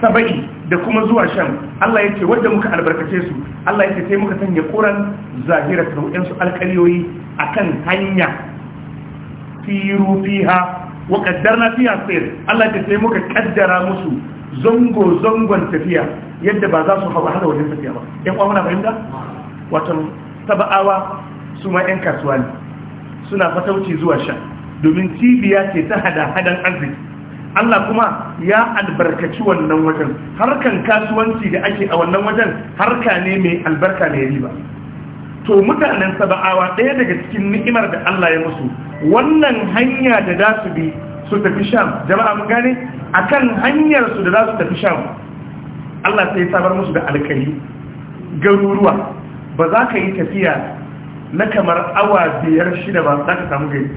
S2: saba'i da kuma zuwa Sham Allah yake wanda muka albarkace su Allah yake sai muka sanya quran zahira da waɗansu alqariyoyi akan hanya firu fiha wa qaddarna fiha sayr Allah yake sai muka kaddara musu zango zangon tafiya yadda ba za su hawa hada wajen tafiya ba yan uwa muna fahimta watan taba'awa su ma yan kasuwa ne suna fatauci zuwa sha domin cibiya ce ta hada hadan arziki Allah kuma ya albarkaci wannan wajen harkan kasuwanci da ake a wannan wajen harka ne mai albarka mai riba to mutanen saba'awa ɗaya daga cikin ni'imar da Allah ya musu wannan hanya da za su bi su tafi sham jama'a mun gane akan hanyar su da za su tafi sham Allah sai ya sabar musu da alƙali. garuruwa ba za ka yi tafiya na kamar awa biyar shida ba za ka samu gari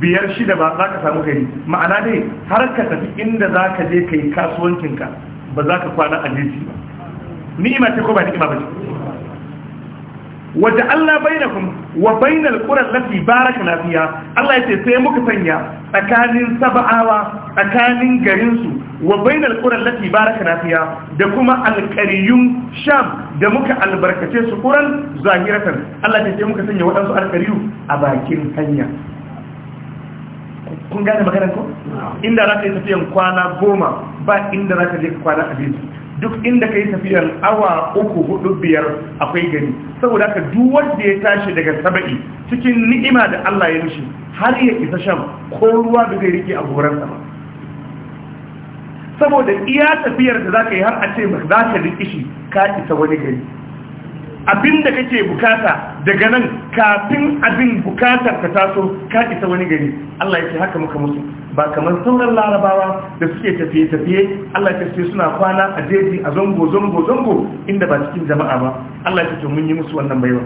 S2: biyar shida ba za ka samu gari ma'ana dai har ka tafi inda za ka je ka yi kasuwancinka ba za ka kwana a jeji ba ni'ima ce ko ba ni'ima ba ce wata Allah bainakum wa bainal qura allati barakna fiha Allah yace sai muka sanya tsakanin sab'awa tsakanin garin su wa bainal qura allati barakna fiha da kuma alqariyun sham da muka albarkace su quran zahiratan Allah yace muka sanya wadansu alqariyu a bakin hanya kun gane maganar ko inda za ka yi tafiyan kwana goma ba inda za ka je kwana abinci duk inda ka yi tafiyar awa uku hudu biyar akwai gani saboda ka duk wanda ya tashi daga saba'i cikin ni'ima da Allah ya mishi har ya isa shan ko ruwa da zai rike a goransa ba saboda iya tafiyar da zaka yi har a ce za ka rikishi ka isa wani gani. abin da kake bukata daga nan kafin abin bukatar ka taso ka isa wani gari Allah ya ce haka muka musu ba kamar sauran larabawa da suke tafiye-tafiye Allah ya ce suna kwana a jeji a zango zango zango inda ba cikin jama'a ba Allah ya ce mun yi musu wannan baiwa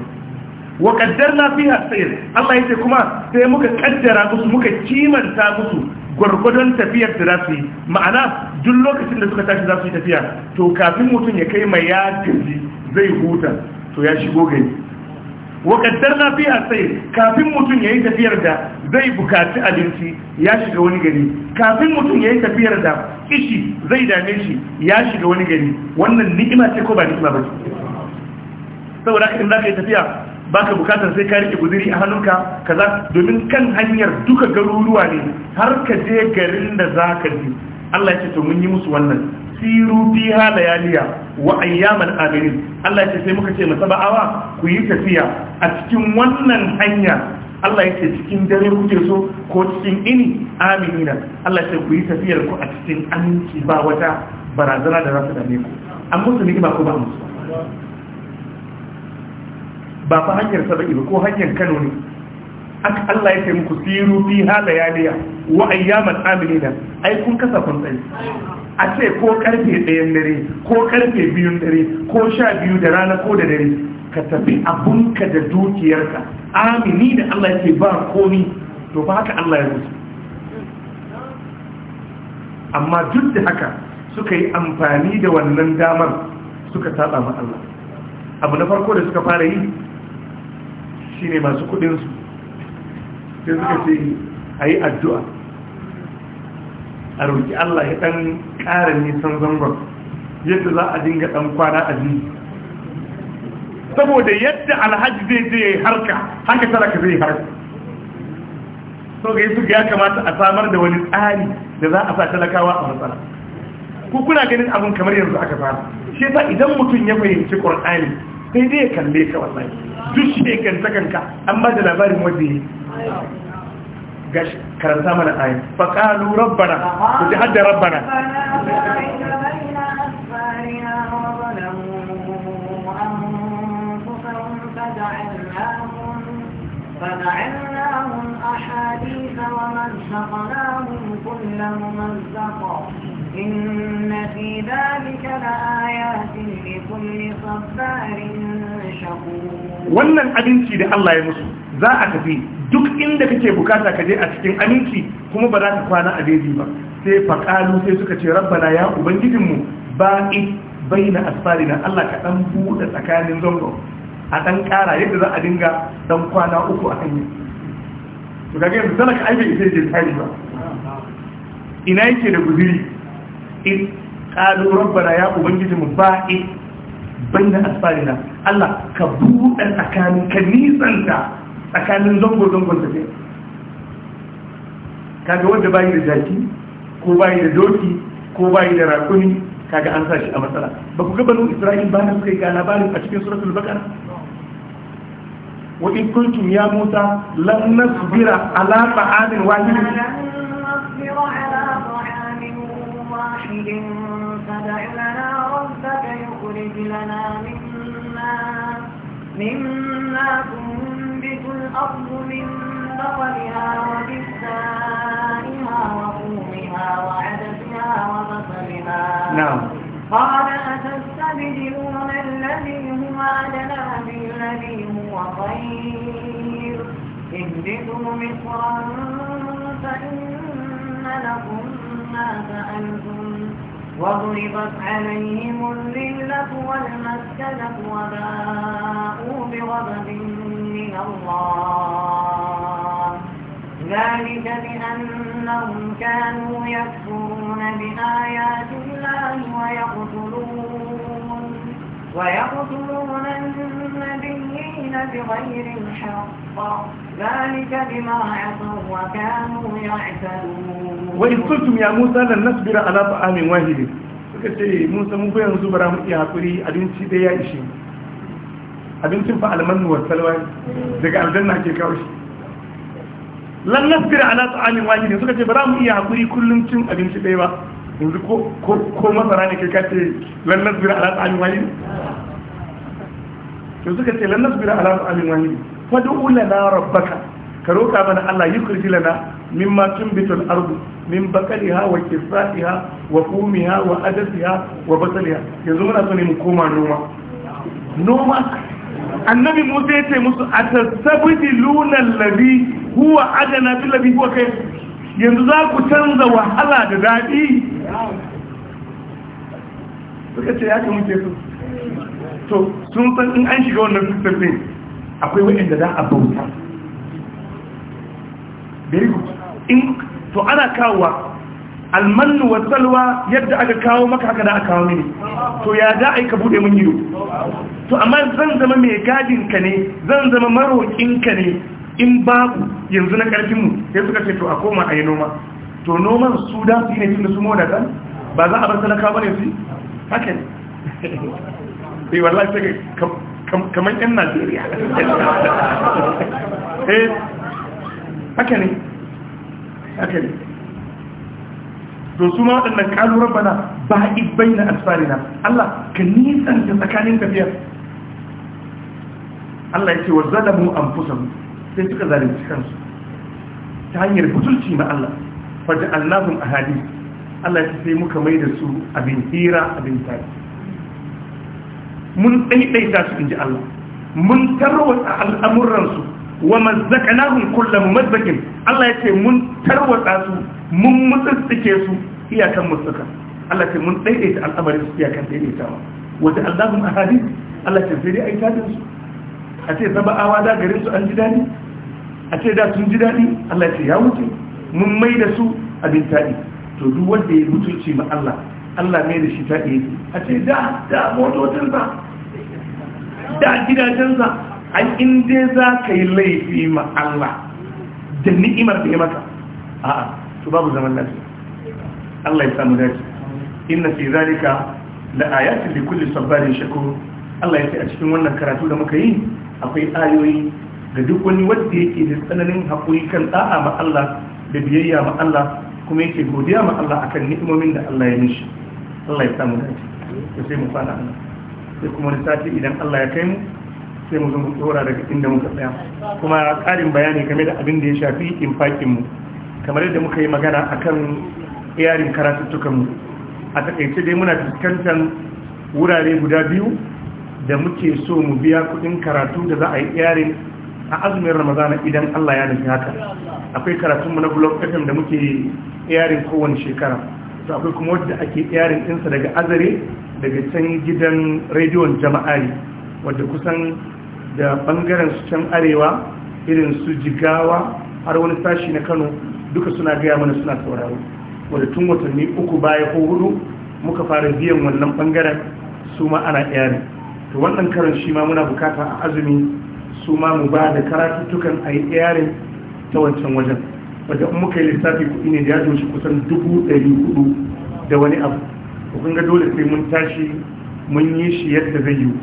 S2: wa qaddarna fiha sayr Allah ya ce kuma sai muka kaddara musu muka kimanta musu gurgudun tafiyar da za su yi ma'ana duk lokacin da suka tashi za su yi tafiya to kafin mutum ya kai mai ya gaji zai huta to ya shigo gari wakaddar na fi a tsaye kafin mutum ya yi tafiyar da zai bukaci abinci ya shiga wani gari kafin mutum ya yi tafiyar da kishi zai dame shi ya shiga wani gari wannan ni'ima ce ko ba ni'ima ba ce saboda in za ka yi tafiya ba ka bukatar sai ka rike guziri a hannunka kaza domin kan hanyar duka garuruwa ne har ka je garin da za ka ji Allah ya ce to mun yi musu wannan siru fiha layaliya wa ayyaman amirin Allah ya ce sai muka ce masaba'awa ku yi tafiya a cikin wannan hanya Allah ya ce cikin dare kuke so ko cikin ini aminina Allah ya ce ku yi tafiyar ku a cikin aminci ba wata barazana da za su dame ku an musu ni ba ko ba musu ba fa hanyar saba'i ba ko hanyar Kano ne Allah ya ce muku siru fiha layaliya wa ayyaman amirin ai kun kasa kun tsaye a ce ko karfe ɗayan dare ko karfe biyun dare ko sha biyu da rana ko da dare ka tafi abunka da dukiyarka amini da Allah yake ba komi to ba haka Allah ya rusu amma duk da haka suka yi amfani da wannan damar suka saba ma Allah abu na farko da suka fara yi shine masu kudin su sai suka ce a yi addu'a a roƙi Allah ya ɗan ƙara nisan zangon yadda za a dinga ɗan kwana a jini saboda yadda alhaji zai je harka haka talaka zai harka so ga yasu ya kamata a samar da wani tsari da za a sa talakawa a matsala ko kuna ganin abin kamar yanzu aka fara shi yasa idan mutum ya fahimci qur'ani sai dai ya kalle ka wallahi duk shi kan takanka an ba da labarin waje gashi karanta mana ayi fa qalu rabbana kuji hadda rabbana
S1: فنعلناهم أحاديث ومنشقناهم كل ممزق إن في ذلك لآيات لكل صبار شكور وأن
S2: الأبنسي لألا مُسْلِمُ za a tafi duk inda kake bukata ka je a cikin aminci kuma ba za ka kwana a daidai ba sai faƙalu sai suka ce rabbana ya ubangijinmu ba bai na asfari na Allah ka ɗan buɗe tsakanin zango a ɗan ƙara yadda za a dinga ɗan kwana uku a hanyar to ga gaisu sana ka aibe sai je tsari ba ina yake da guziri in ƙalu rabbana ya ubangijinmu ba bai na asfari na Allah ka buɗe tsakanin ka nisanta tsakanin zango-zangon tafiya kaga wanda bayi da zaki ko bayi da doki ko bayi da rakuni kaga an sashi a matsala ba ku gabanin isra'il ba na suka yi ga labarin a cikin suratul bakara wa in kuntum ya musa lan nasbira ala ta'amin wahid
S1: فدع لنا الأرض من بطلها وكسائها وقومها وعدسها وبصلها نعم قال أتستبدلون الذي هو أدنى بالذي هو خير اهبطوا مصرا فإن لكم ما سألتم وضربت عليهم الذلة والمسكنة وباءوا بغضب من الله ذلك بأنهم كانوا يكفرون بآيات الله ويقتلون ويقتلون النبيين بغير الحق ذلك بما عصوا وكانوا يعتدون وإذ قلتم
S2: يا موسى لن نصبر على طعام واحد suka ce mun san mu yanzu bara mu iya hakuri abinci da ya ishe mu abincin fa almanu wa salwa daga aljanna ke kawo shi lan nasbira ala ta'amin wahidin suka ce ba za mu iya hakuri kullum cin abinci ɗaya ba yanzu ko ko masara ne kai kace lan nasbira ala ta'amin wahidin to suka ce lan nasbira ala ta'amin wahidin fad'u lana rabbaka ka roka mana Allah yukriji lana mimma tunbitul ardu min bakaliha wa kisaiha wa fumiha wa adasiha wa basaliha yanzu muna so ne mu koma noma noma annabi musa ya ce musu a tasabiti lunar labi huwa adana fi labi huwa kai yanzu za ku canza wahala da
S3: daɗi
S2: suka ce ya ka muke su to sun san in an shiga wannan system ne akwai waɗanda za a bauta very in to ana kawowa almannu wa salwa yadda aka kawo maka haka da aka kawo mini to ya za a yi ka bude mun ido to amma zan zama mai gadin ka ne zan zama marokin ka ne in babu yanzu na karfinmu sai suka ce to a koma a yi noma to noman su da su ne tun da su moda kan ba za a bar talaka ba ne su haka ne sai eh, wallahi sai kamar yan najeriya eh haka ne haka ne to su ma waɗannan kalu rabbana ba ibbai na Allah ka nisan ta tsakanin tafiyar Allah yake wa zalamu anfusahum sai suka zalunci kansu ta hanyar butulci ma Allah faja allahum ahadith Allah yake sai muka maida su abin hira abin tari mun daidaita su inji Allah mun tarwata al'amuran su wa mazzakanahum kullu mumazzakin Allah yake mun tarwata su mun mutsuke su iyakan mutsuka Allah yake mun daidaita al'amarin su iyakan daidaitawa wata allahum ahadith Allah yake sai dai aikatin su a ce saba'awa da gare su an ji daɗi a ce da sun ji daɗi Allah ce ya wuce mun mai da su abin taɗi to duk wanda ya mutunci ma Allah Allah mai da shi taɗi yake a ce da da
S3: ba, da
S2: gidajensa an inda za ka yi laifi ma Allah da ni'imar da ya maka a'a to babu zaman lafiya Allah ya samu dace inna fi zalika la ayatin li kulli sabarin shakur Allah ya ce a cikin wannan karatu da muka yi akwai ayoyi ga duk wani wanda yake da tsananin haƙuri kan da'a ma Allah da biyayya ma Allah kuma yake godiya ma Allah akan ni'imomin da Allah ya mishi Allah ya samu dace to sai mu fara Allah sai kuma wani sati idan Allah ya kai mu sai mu zo tsora daga inda muka tsaya kuma ƙarin bayani game da abin da ya shafi infakin mu kamar yadda muka yi magana akan yarin karatuttukan mu a takaice dai muna fuskantar wurare guda biyu da muke so mu biya kudin karatu da za a yi yarin a azumin ramadana idan Allah ya nufi haka akwai karatunmu na blog fm da muke yarin kowane shekara to akwai kuma wadda ake yarin ɗinsa daga azare daga can gidan rediyon jama'ari wadda kusan da bangaren su can arewa irin su jigawa har wani sashi na kano duka suna gaya mana suna sauraro wadda tun watanni uku baya ko hudu muka fara biyan wannan bangaren su ma ana yarin to wannan karin shi ma muna bukata a azumi su ma mu ba da karatuttukan a yi yarin ta wancan wajen wadda in muka yi lissafi kuɗi ne da ya doshi kusan dubu ɗari hudu da wani abu to kun ga dole sai mun tashi mun yi shi yadda zai yiwu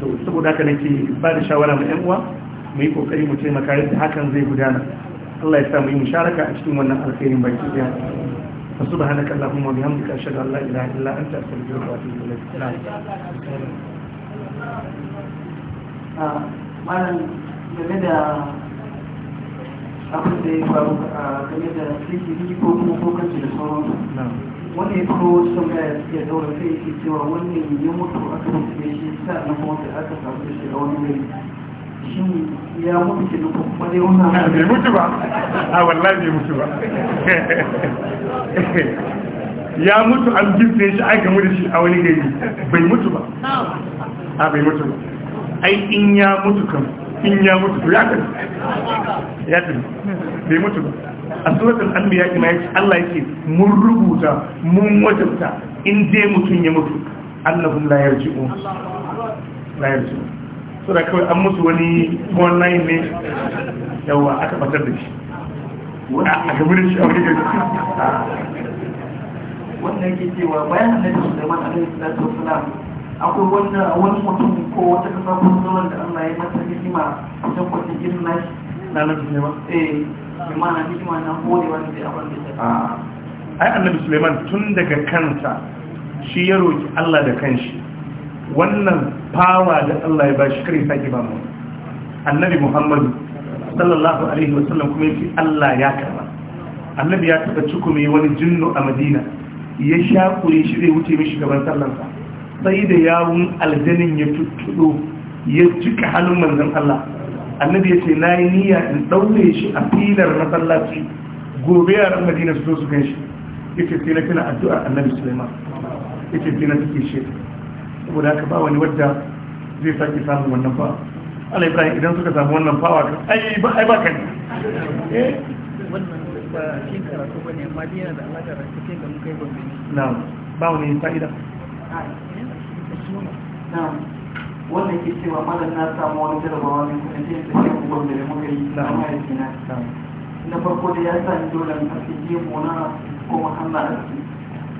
S2: to saboda haka nake ba da shawara ma 'yan uwa mu yi kokari mu taimaka yadda hakan zai gudana Allah ya sa mu yi musharaka a cikin wannan alkhairin baki ɗaya فسبحانك اللهم وبحمدك اشهد ان لا اله الا انت استغفرك واتوب
S4: اليك Ah, abin da ya faru ah, game da ko kuma da sauransu wani ya daura sai cewa wannan ya mutu aka mutu shi aka a wani shi ya mutu ke nufin ah, mutu ba a wallahi bai mutu ba
S2: ya mutu an gifte shi aka mu da shi a wani gari bai mutu ba a bai mutu ai in ya mutu kan in ya mutu ya kan ya kan bai mutu ba a suratul anbiya kuma yace Allah yake mun rubuta mun wajabta in dai mutun ya mutu annahum la yarji'un la yarji'un so da kawai an musu wani online ne yawa aka batar da shi
S4: a gaban shi a wani shi wannan yake cewa bayan annabi Sulaiman alaihi salatu wasalam akwai wani mutum ko wata kasa ko da Allah ya mata hikima don kwanci irin nashi ranar Suleiman eh imana hikima na hore wani da abin da ya ah.
S2: ai annabi Suleiman tun daga kansa shi ya roki Allah da kanshi wannan fawa da Allah ya bashi kare sake ba mu annabi Muhammadu sallallahu alaihi wasallam kuma yace Allah ya karba annabi ya taba cikume wani jinnu a Madina ya sha kure shi zai wuce mishi gaban sallansa sai da yawun aljanin ya tuttudo ya cika halin manzan Allah annabi ya ce na yi niyya in daure shi a filar masallaci gobe ran madina su zo su gan shi ya ce sai na tuna addu'ar annabi suleiman ya ce sai na suke shi saboda haka ba wani wadda zai sake samun wannan fawa ala ibrahim idan suka samu wannan fawa kan ai ba ai ba kai!"
S4: eh ba shi karatu ne, amma da Allah ka race ga mun kai gobe na
S2: ba wani fa'ida
S4: wannan ke cewa malam na samu wani jarabawa ne kuma ce da ke kuma da muka yi na mahaifina na farko da ya sa ni dole na fi je gona ko mahanna a ciki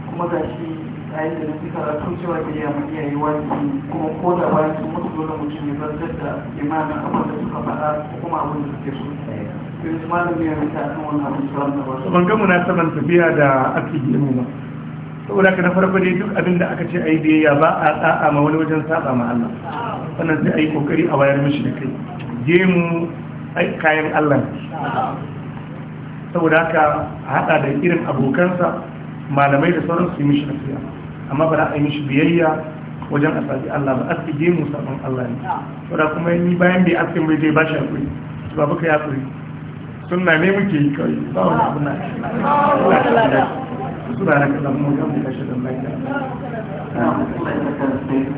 S4: kuma ga shi a yi da nufi karatu cewa da ya mai iyaye wajibi kuma ko da bayan sun mutu dole mutum ya zartar da imanin abin da suka faɗa ko kuma abin da suke so yanzu malam ya rika kan wannan abin da su. ban ga
S2: munasaban tafiya da ake mu ba saboda ka na farko dai duk abin da aka ce a yi biyayya ba a tsa'a ma wani wajen saba ma Allah wannan sai a yi kokari a wayar mishi da kai gemu kayan Allah saboda haka haɗa da irin abokansa malamai da sauran su yi mishi nasiya amma ba za a yi mishi biyayya wajen asali Allah ba aski gemu saban Allah ne saboda kuma ni bayan bai aski mai zai ba shi hakuri ba baka ya hakuri sunna ne muke yi kawai ba wani abu na سبحانك اللهم وبحمدك اشهد ان لا اله الا انت